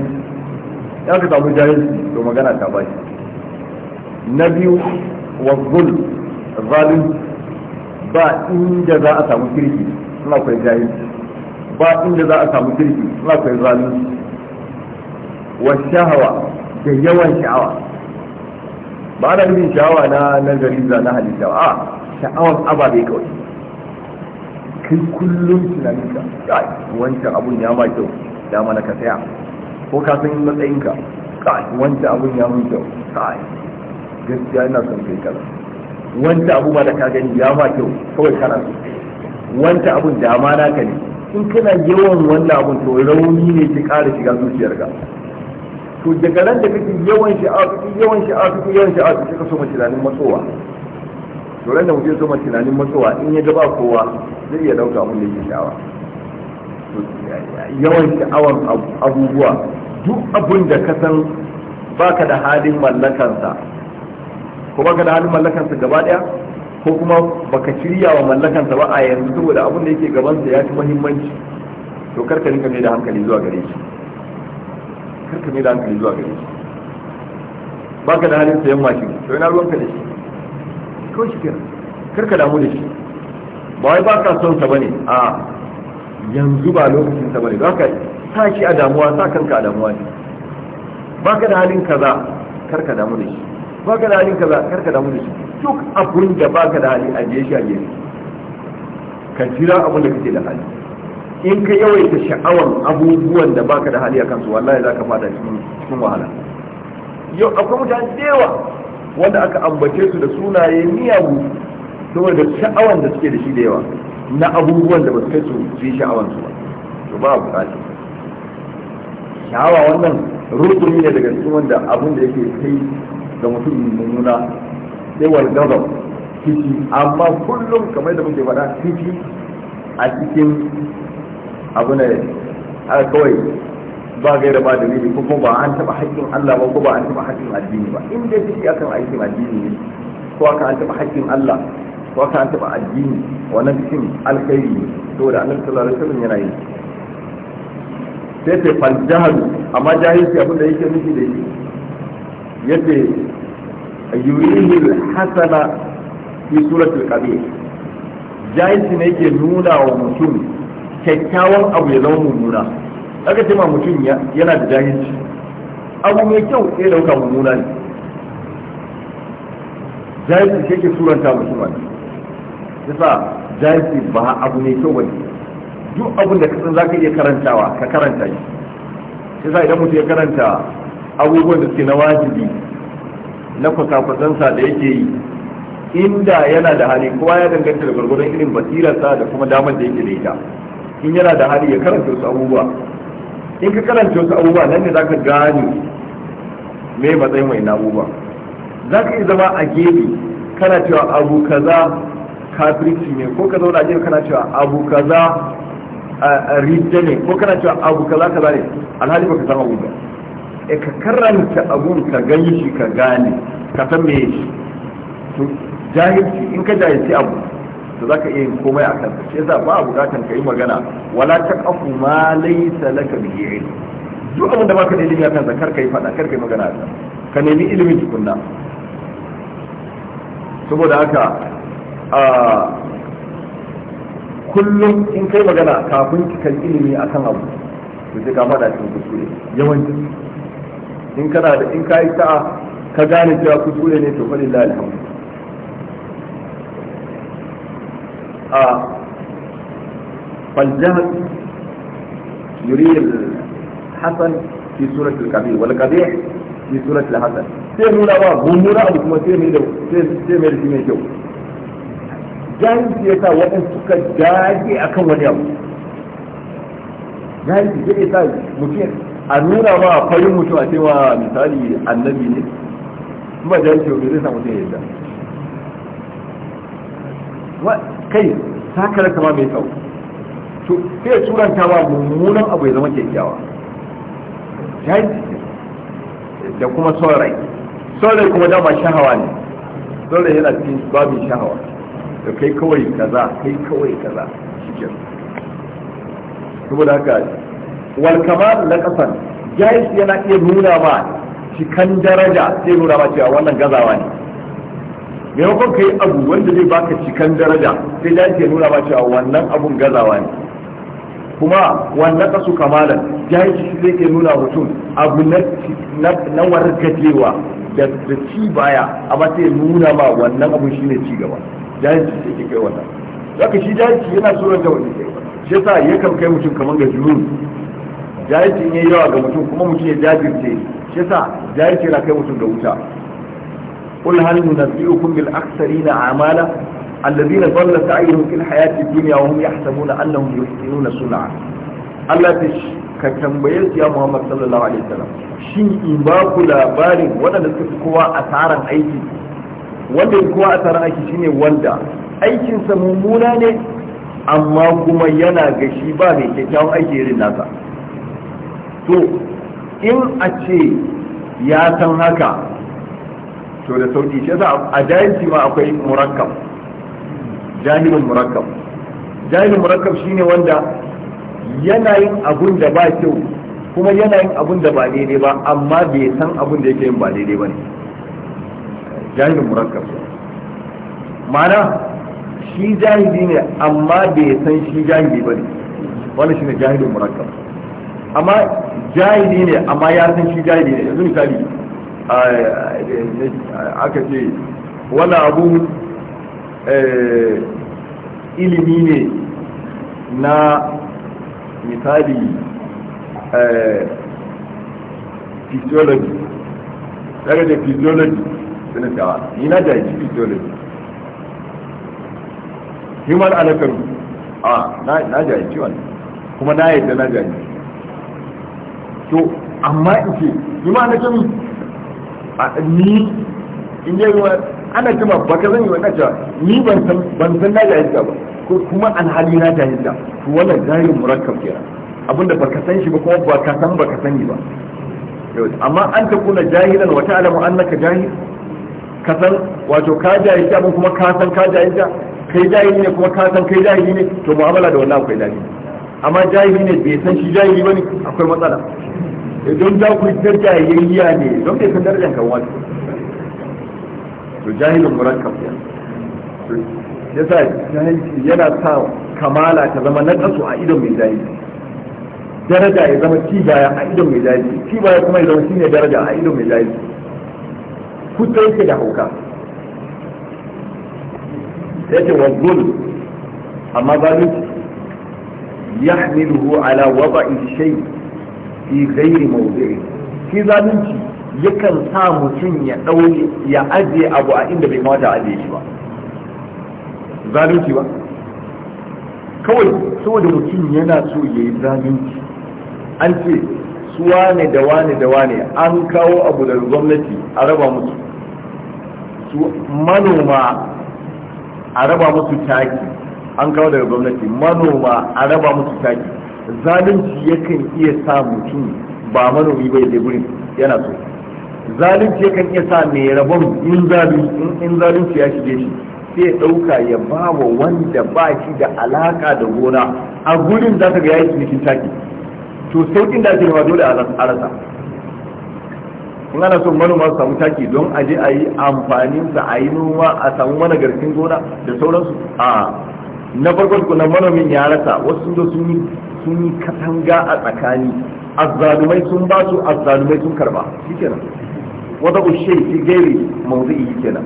ya ka samu jahil to magana ta shi. na biyu wa zul zalim ba inda za a samu kirki suna kai jahil ba inda za a samu kirki suna kai zalim wa shahawa da yawan sha'awa ba na nufin sha'awa na nazari za na halitta a sha'awan ababe kawai kai kullum ka wancan abun ya ma kyau ya mana ka saya ko ka san matsayinka kai wanda abun ya mun kyau kai gaskiya ina son kai kaza wanda abu ba da ka gani ya ma kyau kawai kana so wanda abun da ma ka ne in kana yawan wannan abun to rauni ne ki ƙara shiga zuciyarka to daga nan da kake yawan sha'a kake yawan sha'a kake yawan sha'a kake kaso ma tunanin matsowa to ran da mutum so ma tunanin matsowa in ya ga ba kowa zai iya dauka mun da yake sha'awa yawan sha'awar abubuwa duk abin da ka san baka da halin mallakansa ko baka da halin mallakansa gaba daya ko kuma baka shirya wa mallakansa ba a yanzu saboda abin da yake gabansa ya fi muhimmanci to karka rinka mai da hankali zuwa gare shi karka mai da hankali zuwa gare shi baka da halin sayan mashin to ina ruwanka da shi kawai shi kenan karka damu da shi ba wai baka son sa bane a yanzu ba lokacin sa bane ka sa shi a damuwa sa kanka a damuwa ne baka da halin kaza karka damu da shi baka da halin kaza karka damu da shi duk abun da baka da hali ajiye shi a gefe ka jira abun da kake da hali in ka yawaita sha'awan abubuwan da baka da hali a kansu wallahi za ka fada cikin wahala yau akwai mutane da yawa wanda aka ambace su da sunaye miyagu saboda sha'awar da suke da shi da yawa na abubuwan da ba su kai su yi sha'awar su ba to ba sha'awa wannan rukuni ne daga cikin wanda abin da yake kai ga mutum mummuna sai wani gaba kici amma kullum kamar da muke faɗa kici a cikin abu ne a kawai ba gaira ba dalili ko kuma ba an taɓa haƙƙin Allah ba ko ba an taɓa haƙƙin addini ba in dai kici akan aikin addini ne ko aka an taɓa haƙƙin Allah wasu an taɓa addini wannan cikin alkhairi ne saboda annabi sallallahu alaihi wasallam yana yi sai ta faljahalu amma jahilci abin da yake nufi da shi yace yurihi hasana fi suratul qabih jahilci ne yake nuna wa mutum kyakkyawan abu ya zama mummuna aka ce ma mutum yana da jahilci abu mai kyau sai dauka mummuna ne jahilci ke suranta mutum ne yasa jahilci ba abu ne kyau bane duk abin da kasan zaka iya karantawa ka karanta shi yasa idan mutum ya karanta abubuwan da suke na wajibi na kwasa-kwasansa da yake yi inda yana da hali kowa ya danganta da gwargwadon irin basirarsa da kuma damar da yake da ita in yana da hali ya karanta wasu abubuwa in ka karanta wasu abubuwa nan ne za ka gane me matsayin mai na abubuwa za ka iya zama a gefe kana cewa abu kaza kafirci ne ko ka zauna jiya kana cewa abu kaza ridda ne ko kana cewa abu kaza kaza ne alhali baka san abu ba e ka karanta abun ka gani shi ka gane ka san me shi to jahilci in ka jahilci abu to zaka iya yin komai a kansa shi yasa ba bukatan ka yi magana wala taqafu ma laisa laka bihi ilm duk abin da baka da ilimi a kansa kar ka yi fada kar ka yi magana a kansa ka nemi ilimin tukunna saboda haka kullum in kai magana kafin ki kai ilimi akan abu to sai ka fada cikin kuskure yawanci in kana da in kai sa'a ka gane cewa kuskure ne to fadin alhamdu a faljahat yuriyar hasan fi surat al-kabir wal qabih fi surat al-hasan sai nuna ba gumura abu kuma sai mai da sai mai da shi mai kyau jahilci ya sa waɗansu suka dage a kan wani abu jahilci zai ya sa mutum a nuna ma farin mutum a cewa misali annabi ne kuma jahilci yau zai sa mutum ya yadda kai sakarar kama mai tsawo to sai turanta ba mummunan abu ya zama kyakkyawa jahilci da kuma son rai son rai kuma dama shahawa ne son rai yana cikin babin shahawa da kai kawai kaza kai kawai kaza shi da haka wal kamal na kasan jais yana iya nuna ma cikan daraja sai nuna ba cewa wannan gazawa ne maimakon kai abu wanda zai baka cikan daraja sai jais ya nuna ba cewa wannan abun gazawa ne kuma wannan kasu kamalan jais zai ke nuna mutum abu na wargajewa da ci baya amma sai nuna ma wannan abun shine ci gaba jahilci da yake kai wannan zaka shi jahilci yana surar da wani shi yasa kan kai mutum kamar ga jurun jahilci yayi yawa ga mutum kuma mutum ya jajirce shi yasa jahilci na kai mutum ga wuta قل هل ننبئكم بالأخسرين أعمالا الذين ضل سعيهم في الحياة الدنيا وهم يحسبون أنهم يحسنون صنعا Allah ta tambaye su Muhammad sallallahu alaihi wasallam shin in baku labarin waɗanda suka fi kowa asaran aiki wanda ya a tsara aiki shine wanda aikinsa mummuna ne amma kuma yana gashi, ba mai kyakkyawan aiki irin nasa to in a ce ya san haka to da sauki shi yasa a jahilci ma akwai murakkab jahilin murakkab jahilin murakkab shine wanda yana yin abun da ba kyau kuma yana yin abun da ba daidai ba amma bai san abun da yake yin ba daidai ba ne jahilin murakkab ma'ana shi jahili ne amma bai san shi jahili ba ne wannan ne jahilin murakkab amma jahili ne amma ya san shi jahili ne yanzu misali aka ce wani abu eh, ilimi ne na misali eh, physiology daga da physiology suna cewa ni na da jahilci physiology human anatomy a ah, na da jahilci wani kuma na yadda na da jahilci to amma in ce human anatomy a ni in yi wa ana cima ba ka zan yi wannan cewa ni ban san na da jahilta ba kuma an hali na jahilta to wannan jahirin murakkab kenan abinda ba ka san shi ba kuma ba ka san ba ka sani ba amma an ta kuna jahilan wa ta'lamu annaka jahil ka san wato ka jahilci abin kuma ka san ka jahilta kai jahili ne kuma ka san kai jahili ne to mu'amala da wannan akwai dadi amma jahili ne bai san shi jahili bane akwai matsala don za ku yi jayayya ne don bai san darajar kan wani to jahilin murakkab ya yasa jahilci yana sa kamala ta zama na kasu a idon mai jahili daraja ya zama ci baya a idon mai jahili ci baya kuma ya zama shine daraja a idon mai jahili kusa yake da hauka sai ce wa zulm amma zalunci yahmiluhu ala wada'i shay fi ghairi mawdi'i shi zalunci yakan sa mutum ya ɗaure ya ajiye abu a inda bai mata ajiye shi ba zalunci ba kawai saboda mutum yana so ya yi zalunci an ce su wane da wane da wane an kawo abu daga gwamnati a raba musu su manoma a raba musu taki an kawo daga gwamnati manoma a raba musu taki zalunci yakan iya sa mutum ba manomi bai da gurin yana so zalunci yakan iya sa mai rabon in zalunci ya shige shi sai ɗauka ya ba wa wanda ba shi da alaka da gona a gurin za ka ga yaki yi cikin taki to saukin da ake nema dole a rasa in ana son manoma su samu taki don a je a yi amfanin sa a yi noma a samu mana garkin gona da sauransu a na farko na manomin ya rasa wasu sun sun yi sun yi katanga a tsakani azzalumai sun ba su azzalumai sun karba shikenan wata ushe shi gairi yi kenan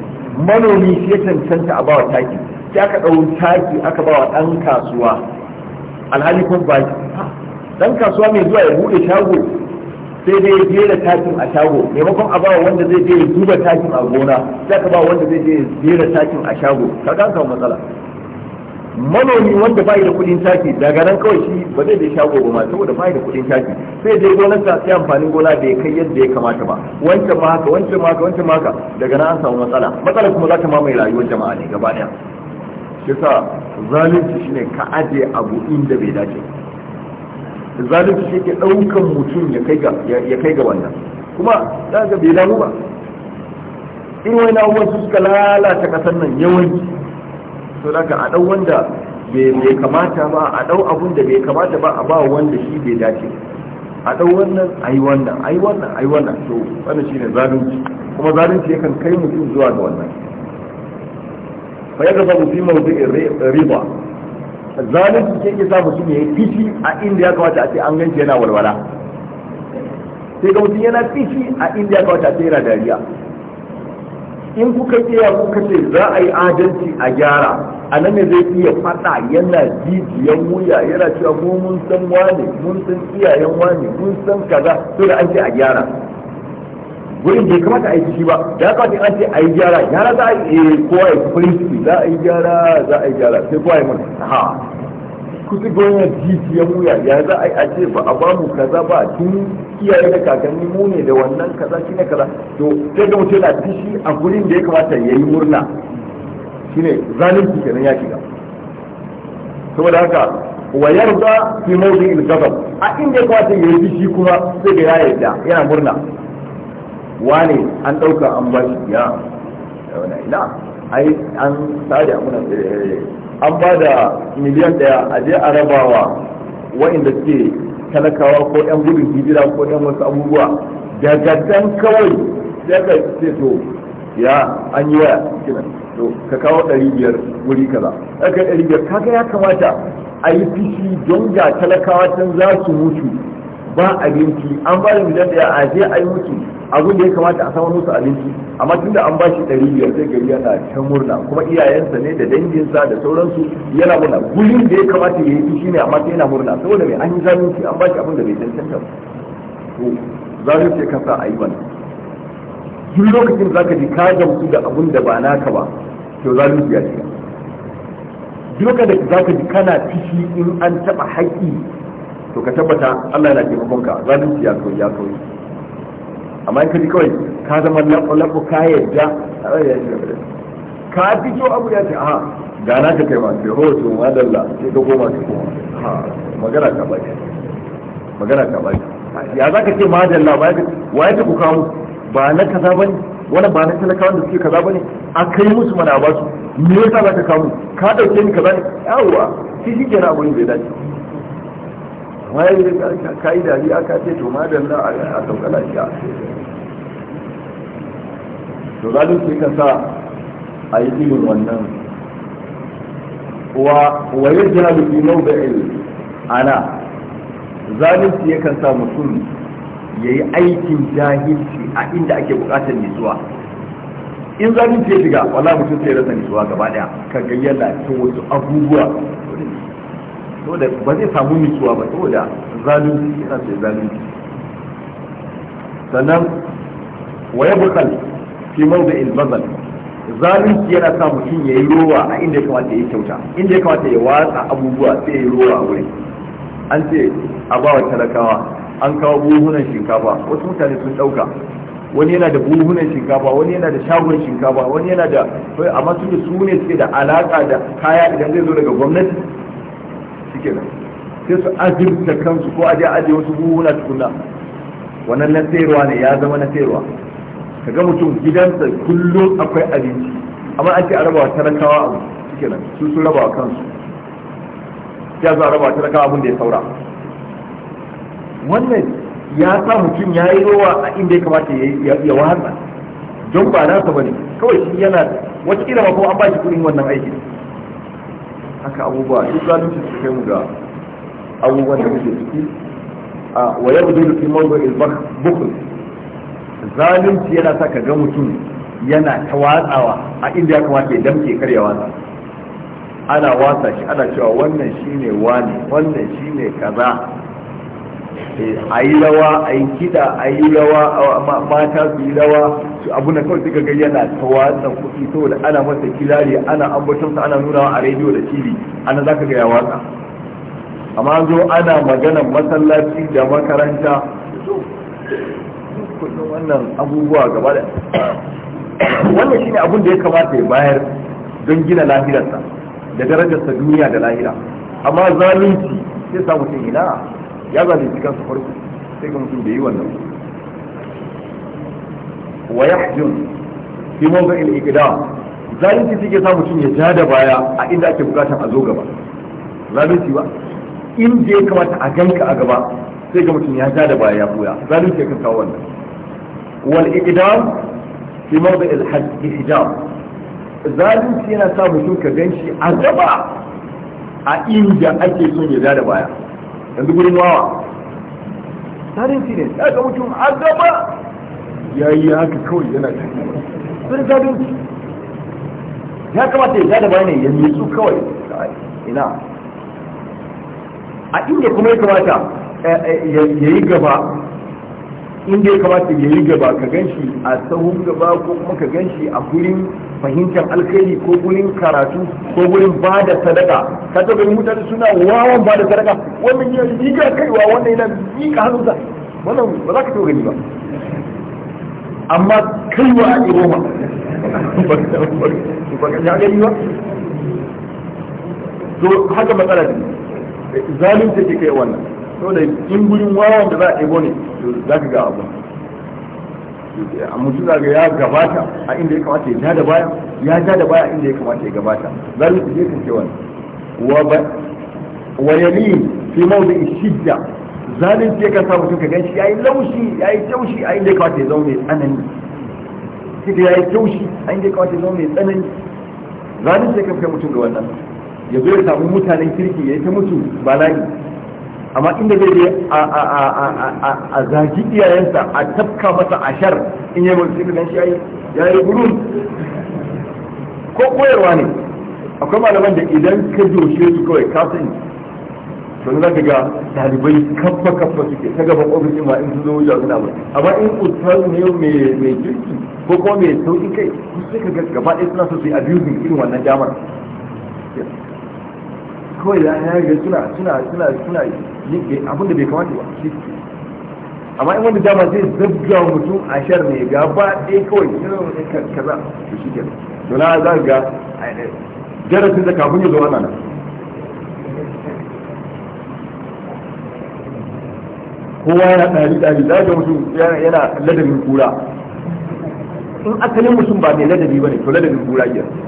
manomi shi ya cancanta a bawa taki sai aka ɗau taki aka bawa ɗan kasuwa alhali ko ba dan kasuwa mai zuwa ya bude shago sai dai ya da takin a shago maimakon a bawa wanda zai je ya duba takin a gona sai ka ba wanda zai je ya jera takin a shago ka ga samu matsala manomi wanda bai da kudin taki daga nan kawai shi ba zai je shago ba ma saboda bai da kudin taki sai dai gonar sa sai amfanin gona ya kai yadda ya kamata ba wancan ma haka wancan ma haka wancan ma haka daga nan an samu matsala matsala kuma za ta mamaye rayuwar jama'a ne gaba daya shi sa zalunci shine ka aje abu inda bai dace ba zalunci shi ke ɗaukan mutum ya kai ga wannan kuma za ga bai damu ba irin wani abubuwan su suka lalata ƙasar nan yawanci to daga a ɗau wanda bai kamata ba a ɗau abun da bai kamata ba a ba wanda shi bai dace a ɗau wannan a yi wannan a yi wannan a yi wannan to wannan shi ne zalunci kuma zalunci yakan kai mutum zuwa ga wannan fa ya gaba mutum mawdu'in riba zalunci ke ke sa mutum ya yi fishi a inda ya kawata a ce an ganci yana walwala sai ga mutum yana fishi a inda ya kawata a ce yana dariya in kuka iya kuka ce za a yi adalci a gyara a nan ne zai iya fada yana jijiyan wuya yana cewa mu mun san wane mun san iyayen wane mun san kaza to da an ce a gyara gurin bai kamata a yi shi ba ya kamata an ce a yi gyara gyara za a yi eh, kowa ya kufurin ciki za a yi gyara za a yi gyara sai kowa ya mana ha kusa gonya jiji ya muya ya za a yi a ce ba a ba mu kaza ba tun iyaye da kakanni mu ne da wannan kaza shi ne kaza to sai ga mutum na shi a gurin da ya kamata ya yi murna shine zalunci kenan ya shiga saboda haka wa yarda fi mawdi'il ghadab a inda ya kamata ya yi fishi kuma sai da ya yarda yana murna wane an ɗauka an ba shi biya da wani ina ai an tsari a muna eh, an ba da miliyan ɗaya a je a rabawa wa'inda suke talakawa ko yan gudun hijira ko yan wasu abubuwa daga can kawai daga ce to ya an yi waya kinan to ka kawo ɗari biyar wuri kaza aka ɗari biyar kaga ya kamata a yi fishi don ga talakawa can za su mutu ba abinci an ba da miliyan ɗaya a je a yi mutu abin da ya kamata a samar musu abinci amma tun da an ba shi ɗari biyar sai gari yana ta murna kuma iyayensa ne da danginsa da sauransu yana murna gurin da ya kamata ya yi shi ne amma sai yana murna saboda mai an yi zalunci an ba shi abin da bai cancanta ba to zalunci ya kasa a yi wannan duk lokacin zaka ji ka gamsu da abin da ba naka ba to zalunci ya shiga duk da zaka ji kana fishi in an taɓa haƙƙi to ka tabbata Allah yana taimakonka zalunci ya kawai ya kawai amma in ka ji kawai ka zama lafu ka yadda ka ji kyau abu ya ce a ga na ka kai ma sai hoto madalla sai ka koma ka koma ha magana ka baki magana ka baki ya za ka ce madalla ba ya ce ku kawo ba na kaza ba ne wani ba na talakawan da suke kaza ba ne a kai musu mana ba su me yasa za ka kawo ka dauke ni kaza ne yawwa shi shi kenan abun da ya dace waye da ka yi dariya ka ce to madalla a sauka lafiya to zalunci ka sa a yi irin wannan wa ya jira da fi mau ana zalunci yakan sa mutum ya yi aikin jahilci a inda ake bukatar nutsuwa in zalunci ya shiga wala mutum sai rasa nutsuwa gaba daya ka gayyana ta wasu abubuwa saboda ba zai samu nutsuwa ba saboda zalunci yana sai zalunci sannan waye bukal fi mawda ilmazal zalunci yana sa mutum ya yi rowa a inda ya kamata ya yi kyauta inda ya kamata ya watsa abubuwa sai ya yi rowa a an ce a bawa talakawa an kawo buhunan shinkafa wasu mutane sun ɗauka wani yana da buhunan shinkafa wani yana da shagon shinkafa wani yana da amma sun ne su ne suke da alaka da kaya idan zai zo daga gwamnati kenan sai su azirta kansu ko aje aje wasu buhuna tukuna wannan na sayarwa ne ya zama na sayarwa kaga mutum gidansa kullum akwai abinci amma ake araba a rabawa talakawa abu suke nan su sun rabawa kansu ya zo a rabawa talakawa abin da ya saura wannan ya sa mutum ya yi rowa a inda ya kamata ya wahala don ba nasa ba ne kawai shi yana wata kila ma kuma an ba shi kuɗin wannan aikin haka abubuwa duk zalunci su kai mu ga abubuwan da muke ciki a wa yau zai bukul zalunci yana sa ka ga mutum yana ta watsawa a inda ya kamata ya damke karya watsa ana wasa shi ana cewa wannan shine wani wannan shine kaza a yi rawa a yi kiɗa a yi rawa mata su yi rawa su abu na kawai suka gari yana tawa watsa kuɗi saboda ana masa kilari ana ambatonsa ana nunawa a rediyo da tv ana za ka gaya ka. amma zo ana magana masallaci da makaranta wannan abubuwa gaba da wannan shine abun da ya kamata ya bayar don gina lahirarsa da darajarsa duniya da lahira amma zalunci sai samu mutum ina ya zalunci kansa farko sai ga mutum bai yi wannan wa yahjun fi Mawza al-iqdam zalunci suke sa mutum ya ja da baya a inda ake bukatar a zo gaba zalunci ba in inda ya kamata a ganka a gaba sai ga mutum ya ja da baya ya buya zalunci kan kawo wannan wal iqdam fi Mawza al-hijab zalunci yana sa mutum ka ganshi a gaba a inda ake son ya ja da baya yanzu gudun wawa sarinci ne ya ga mutum a gaba ya yi haka kawai yana tafiya sun sarinci ya kamata ya da bayanai ya nitsu kawai ina a inda kuma ya kamata eh, eh, ya yi gaba in dai kamata ya yi gaba ka ganshi a sahun gaba ko kuma ka ganshi a gurin fahimtar alkhairi ko gurin karatu ko gurin ba da sadaka ka taɓa ganin mutane suna wawan ba da sadaka wannan ya miƙa kaiwa wannan yana riga hannunsa wannan ba za ka taɓa gani ba amma kaiwa a ma. ba ka gani ba to haka matsala ne zalunta ke kai wannan to da in gurin wawan da za a ɗebo ne za ka ga abu a mutum za ga ya gabata a inda ya kamata ya da baya ya ja da baya a inda ya kamata ya gabata za mu je kan cewa wa yali fi mawdi shidda zalunci yakan sa mutum ka ganshi yayi laushi yayi taushi a inda ya kamata ya zaune tsanani kika yayi taushi a inda ya kamata ya zaune tsanani zalunci kan kai mutum ga wannan ya zo ya samu mutanen kirki ya yi ta mutu bala'i amma inda zai je a zagi iyayensa a tafka masa ashar in yi wasu ilimin shi ya yi gurun ko koyarwa ne akwai malaman da idan ka doshe su kawai ka sani to na zaka ga dalibai kafa kafa suke ta gaba ofishin ma in su zo wuce suna ba amma in ustaz ne mai kirki ko kuma mai sauƙi kai su suka gaba ɗaya suna so su yi abusing irin wannan damar kawai ya yi suna suna suna suna yin abinda bai kamata ba amma in wanda dama zai zabga mutum a shar ne ba ɗaya kawai yana kaza da shi kenan to na za ga darasin da kafin ya zama nan kowa yana ɗari ɗari za ga mutum yana ladabin kura in asalin mutum ba mai ladabi ba ne to ladabin kura kenan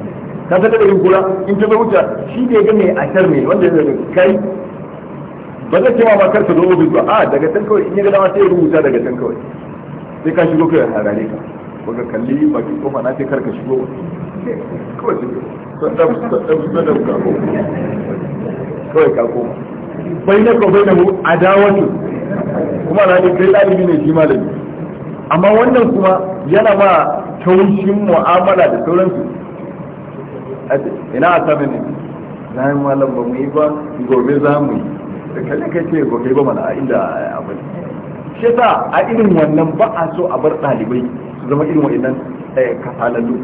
ka ta da yin kula in ta wuta, shi ne ga mai ashar ne wanda ya kai ba zai cewa ba kar ka zo ofis ba a ah, daga can kawai in ya ga dama sai ya rubuta daga can kawai sai ka shigo kai harare ka ko ka kalli baki kofa na sai kar ka shigo kawai sai ka da da ko kawai ka koma bai na kawai da mu kuma na ne kai ɗalibi ne shi malami amma wannan kuma yana ma taushin mu'amala da sauransu ina a sami ne na yi malam ba mu yi ba gobe za mu yi da kaje kai ce gobe ba mana a inda abin shi sa a irin wannan ba a so a bar ɗalibai su zama irin wa'annan eh, kafalalu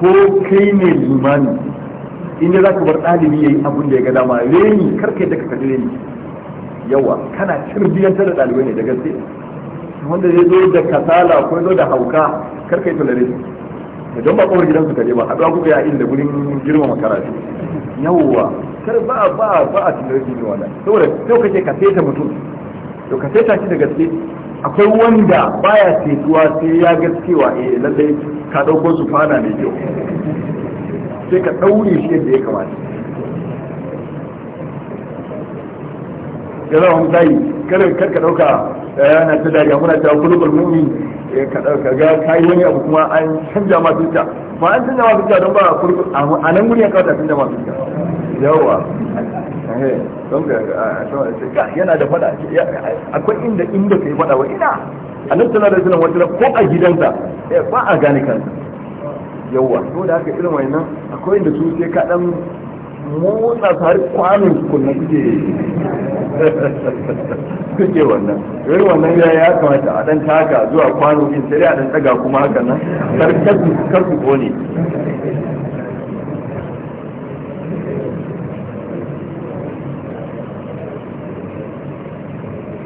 ko kai ne limani inda za ka bar ɗalibi ya yi abin da ya ga dama reni karka yadda ka kaji reni yawa kana cirbiyanta da ɗalibai ne da gaske wanda zai zo da kasala ko zo da hauka karka yi tolerate don ba kawar gidansu kare ba haɗuwa kuka ya inda gurin girmama karatu yawwa kar ba ba ba a tunar jini wanda saboda yau kake ka seta mutum to ka seta shi da gaske akwai wanda baya setuwa sai ya gaskewa e eh, lallai ka ɗauko su fana mai kyau sai ka ɗaure shi yadda ya kamata da zawon zai kada karka dauka yana eh, ta dariya muna ta kulubul mu'min eh, ka dauka ga kai wani abu kuma an canja ma zuciya ba an canja ma zuciya don ba kulubul a nan guri ya kawo ta canja ma zuciya yawa eh, don ka yana da fada akwai inda inda kai fada wa ina annabi sallallahu da wasallam wata ko a gidansa ba a gane kansa yawa ko da haka irin wannan akwai inda su sai ka dan mu na har kwanin na kuke kuke wannan wai wannan ya ya kamata a dan taka zuwa kwano din sai a dan daga kuma haka nan kar kasu kasu gone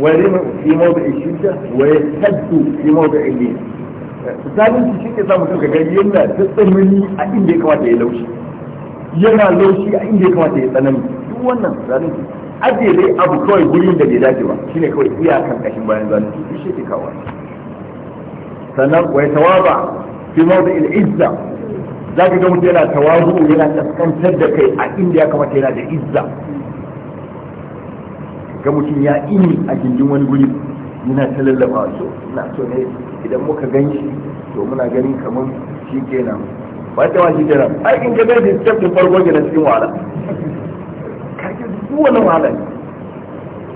wani imo da ishinta wai kasu imo da ilmi tsarin shi shi ke samun suka gari yana tattalin a inda ya kamata ya laushi yana laushi a inda ya kamata ya tsanani duk wannan zalunci ajiye dai abu kawai gurin da bai dace ba shine kawai iyakan kashin bayan zalunci duk shi ke kawo sannan wai tawaba fi mawdi al-izza zaka ga mutum yana tawazu yana kaskantar da kai a inda ya kamata yana da izza ga mutum ya ini a jinjin wani guri yana ta lallaba so na so ne idan muka gan shi to muna ganin kamar shi kenan ba ta wani kenan ai in ga gaji step din farko kenan cikin wahala kake duk wannan wahala ne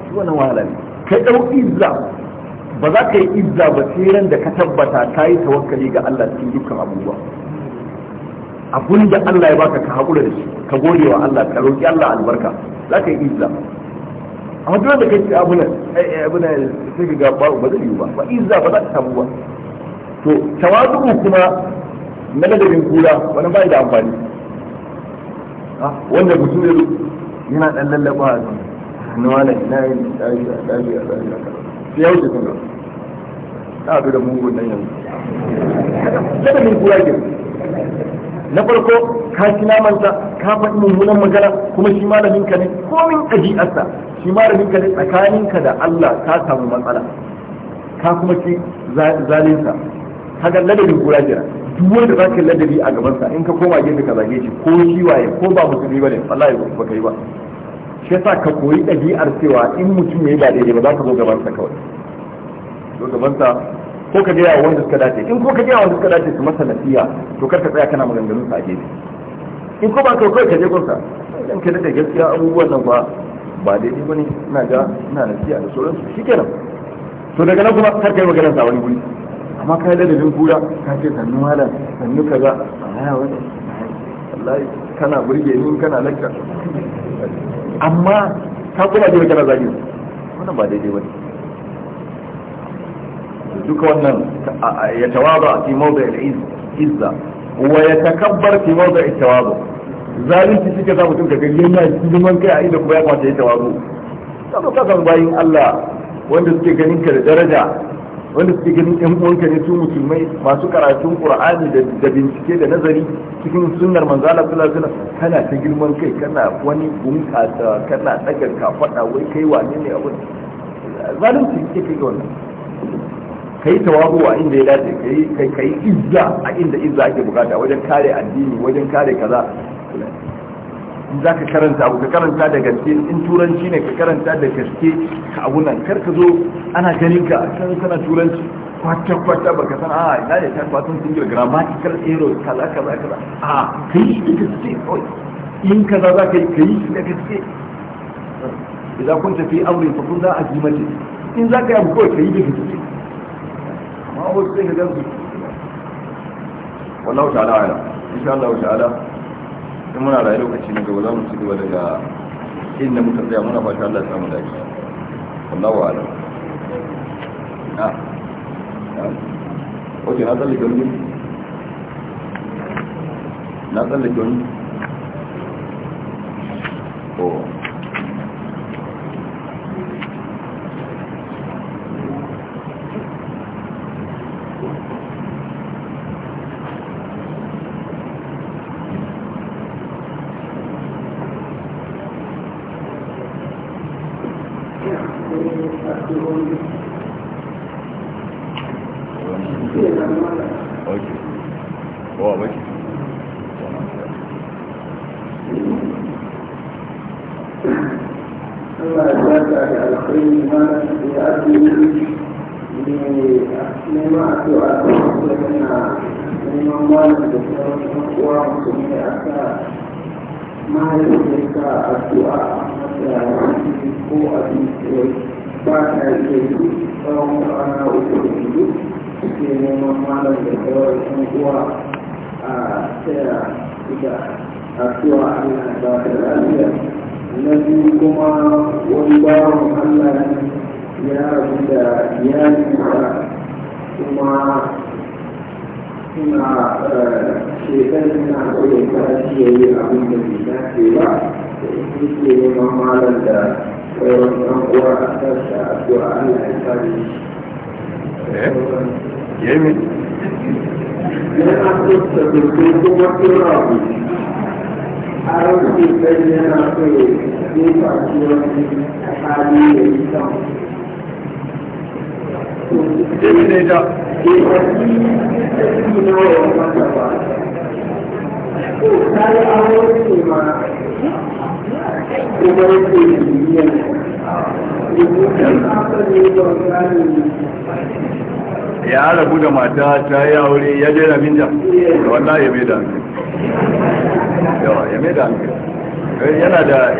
duk wannan wahala ne ka dau izza ba za ka yi izza ba sai ran da ka tabbata ka yi tawakkali ga Allah cikin dukkan abubuwa abun da Allah ya baka ka haƙura da shi ka gode wa Allah ka roki Allah albarka za ka yi izza amma duk da kai abu nan abu nan sai ga ba ba zai yi ba ba izza ba za ka samu ba to tawadu kuma na ladabin kura wani bai da amfani ah, wanda mutum ya yana dan lallaba a na wala ina yin tsari a tsari a tsari a sai ya wuce kuma ta abu da mugun nan yanzu ladabin kura ke na farko ka ci namanta ka faɗi mummunan magana kuma shi malamin ka ne komin ɗabi'arsa shi malamin ka ne tsakaninka da Allah ka samu matsala ka kuma ci zalinsa kaga ladabin kura kenan duk wanda za ka ladabi a gabansa in ka koma gefe ka zage shi ko shi waye ko ba musulmi bane wallahi ba ka yi ba shi yasa ka koyi ɗabi'ar cewa in mutum yayi ba daidai ba za ka zo gabansa kawai zo gabansa ko ka gaya wanda suka dace in ko ka gaya wanda suka dace su masa nasiya to kar ka tsaya kana maganganun sa a gefe in ko ba ka kawai ka je gunsa dan ka da gaskiya abubuwan nan ba ba daidai bane ina ga ina nasiya da sauransu shikenan to daga nan kuma kar ka yi maganar sa wani guri amma ka yi ladabin kura ka ce sannu malam sannu za a ya wani wallahi kana burge ni kana lakka amma ka kuma da kana zagi wannan ba daidai bane duka wannan ya tawaba a mawda al-izza wa ya takabbar mawda al-tawadu zalunci shi ka sa mutum ka gani yana girman kai a inda kuma ya kwace ya tawadu ka bayin Allah wanda suke ganin ka da daraja wanda suke ganin yan uwanka ne su musulmai masu karatun qur'ani da bincike da nazari cikin sunnar manzo Allah sallallahu alaihi wasallam kana ta girman kai kana wani ta kana daga fada wai kai wane ne abin zalunci kike kai wannan kai tawabu a inda ya dace kai kai izza a inda izza ake bukata wajen kare addini wajen kare kaza in za ka karanta abu ka karanta da gaske in turanci ne ka karanta da gaske ka abunan kar ka zo ana ganin ka kan sana turanci kwata-kwata baka san a ah, ina da ta kwatan sun gira grammatical errors kaza kaza kaza a ka yi da gaske kawai in kaza za ka yi ka yi da gaske idan kun tafi aure fa kun za a ji mace in za ka yi abu kawai ka yi da gaske amma wasu sai ka gan su wallahu ta'ala ala insha Allah ta'ala in muna rayu lokaci wani gaba za mu ci gaba daga inda muka tsaya muna fata Allah ya samu dace wallahu a'lam ah, ah. oke na tsalle gani na tsalle gani oh Teológico. A los que pedían a fe, de pasión, a direção. Terminei E aqui terminou a trabalho. O cara aproxima. O meu filho, e nunca está fazendo o caminho. ya rabu da mata ta yi aure ya je da da wanda ya mai da eh, yana da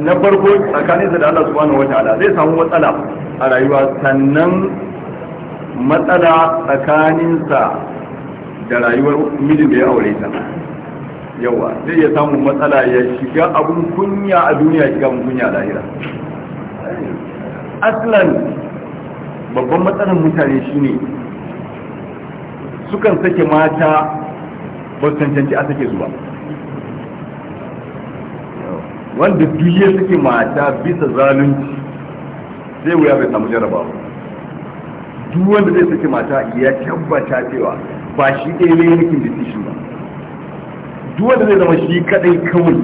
na farko tsakaninsa da Allah subhanahu ta'ala zai samu matsala a rayuwa sannan matsala tsakaninsa da rayuwar mijin da ya aure ta yawa zai ya samu matsala ya shiga abun kunya a duniya shiga abun kunya a lahira aslan babban matsalar mutane shine sukan sake mata ba su cancanci a sake zuwa wanda duniya suke mata bisa zalunci sai wuya bai samu jaraba duk wanda zai sake mata ya tabbata cewa ba shi ɗaya ne yankin shi ba duk wanda zai zama shi kadai kawai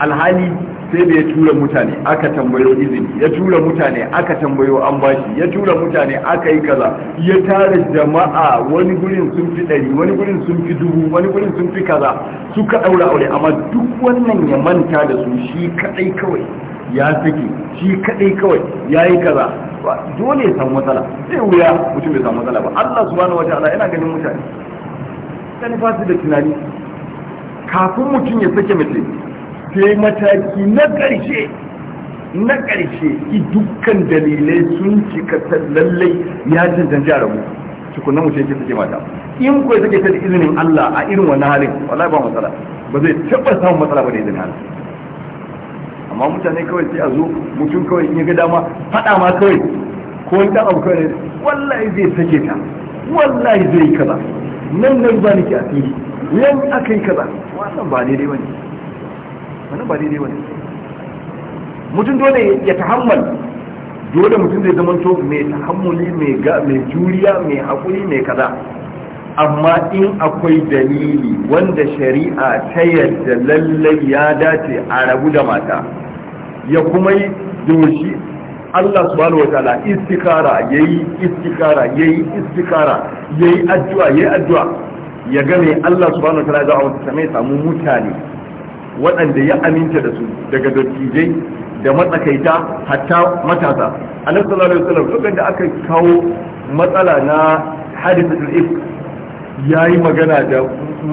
alhali sai da ya tura mutane aka tambayo izini ya tura mutane aka tambayo an bashi ya tura mutane aka yi kaza ya tara jama'a wani gurin sun fi ɗari wani gurin sun fi dubu wani gurin sun fi kaza suka ɗaura aure amma duk wannan ya manta da su shi kaɗai kawai ya saki shi kaɗai kawai ya yi kaza dole ya samu matsala sai wuya mutum bai samu matsala ba Allah subhanahu wa ta'ala yana ganin mutane sani ba da tunani kafin mutum ya sake mutum. ke mataki na ƙarshe na ƙarshe ki dukkan dalilai sun cika lallai ya cancanci a rabu tukunan mu ke suke mata in ko take ta da izinin Allah a irin wannan halin wallahi ba matsala ba zai taɓa samun matsala ba da izinin Allah amma mutane kawai sai a zo mutum kawai in ya ga dama faɗa ma kawai ko wani ta abu kawai wallahi zai sake ta wallahi zai yi kaza nan nan ba ke asiri yan aka yi kaza wannan ba ne dai ba ne. wannan ba daidai wani mutum dole ya tahammal dole mutum zai zama to mai tahammuli mai ga mai juriya mai hakuri mai kaza amma in akwai dalili wanda shari'a ta yadda lallai ya dace a rabu da mata ya kuma yi doshi Allah subhanahu wataala istikara yayi istikara yayi istikara yayi addu'a yayi addu'a ya ga Allah subhanahu wataala za a samu mutane waɗanda ya aminta da su daga dattijai da matsakaita hatta matasa annabi sallallahu da wasallam tukar da aka kawo matsala na hadithatul ifk yi magana da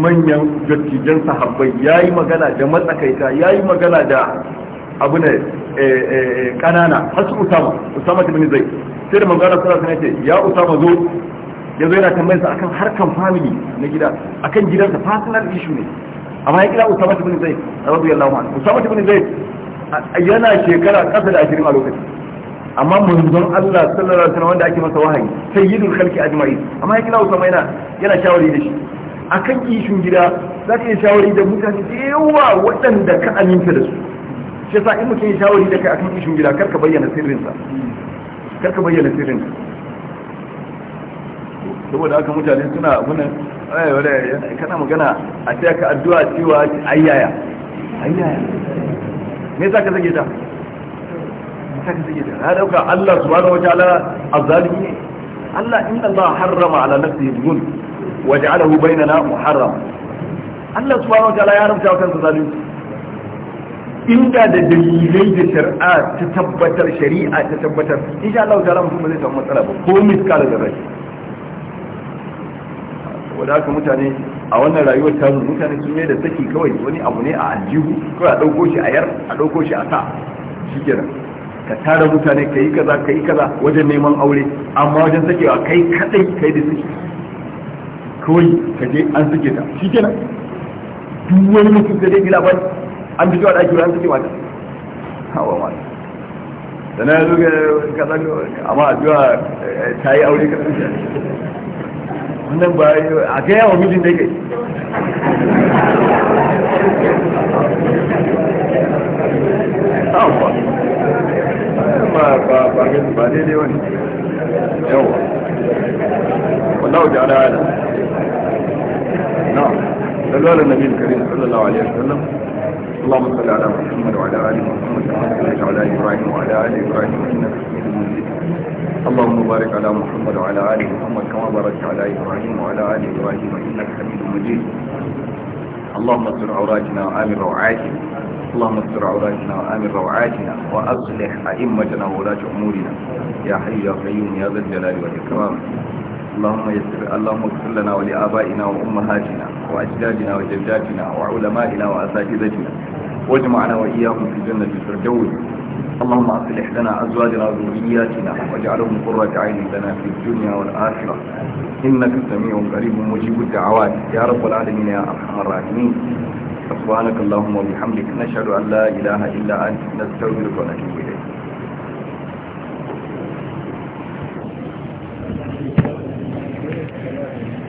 manyan dattijan sahabbai yi magana da matsakaita yi magana da abu ne eh, kanana eh, hasu usama usama usama ibn zai, sai da magana sallallahu alaihi wasallam ya usama zo yanzu yana tambayarsa akan harkan family na gida akan gidansa personal issue ne amma ya kira usama ibn zaid yallahu anhu usama bin zaid yana shekara kasa da ashirin a lokaci. amma manzon Allah sallallahu alaihi wasallam wanda ake masa wahayi sayyidul khalqi ajma'i amma ya kira usama yana yana shawari da shi akan ishin gida za ka yi shawari da mutane da yawa waɗanda ka aminta da su shi yasa in mutum ya shawari da kai akan ishin gida kar ka bayyana sirrinsa kar ka bayyana sirrinsa saboda haka mutane suna abunan kana magana a sai ka addu'a cewa ayyaya ayyaya me yasa ka zage ta yasa ka zage ta ya dauka Allah subhanahu wataala azzalimi ne Allah in Allah harrama ala nafsihi dhulm wa ja'alahu bainana muharram Allah subhanahu wataala ya haramta wa kansa zalunci inda da dalilai da shari'a ta tabbatar shari'a ta tabbatar insha Allah ta'ala mutum zai samu matsala ba ko miskala da rashi wanda aka mutane a wannan rayuwar ta mutane sun mai da saki kawai wani abu ne a aljihu kawai a ɗauko shi a yar a ɗauko shi a sa shi kenan ka tara mutane ka yi kaza ka yi kaza wajen neman aure amma wajen sakewa kai kadai kai da saki. kawai ka je an sake ta shi kenan duk wani mutum da zai ji labari an fito a ɗaki an suke mata hawa mata sannan ya zo ga kasan amma zuwa eh, ta yi aure kasan nan ba a kai yawa mijin da kai ba daidai wani yawa wallahu ta'ala ala na sallallahu alaihi wa اللهم صل على محمد وعلى ال محمد كما صليت على ابراهيم وعلى ال ابراهيم انك حميد مجيد اللهم بارك على محمد وعلى ال محمد كما باركت على ابراهيم وعلى ال ابراهيم انك حميد مجيد اللهم استر عوراتنا وآمن روعاتنا اللهم استر عوراتنا وآمن روعاتنا وأصلح أئمتنا وولاة أمورنا يا حي يا قيوم يا ذا الجلال والإكرام اللهم يسر اللهم اغفر لنا ولآبائنا وأمهاتنا وأجدادنا وجداتنا وعلمائنا وأساتذتنا واجمعنا وإياهم في جنة الفردوس اللهم أصلح لنا أزواجنا وذرياتنا واجعلهم قرة عين لنا في الدنيا والآخرة إنك سميع قريب مجيب الدعوات يا رب العالمين يا أرحم الراحمين سبحانك اللهم وبحمدك نشهد أن لا إله إلا أنت نستغفرك ونتوب إليك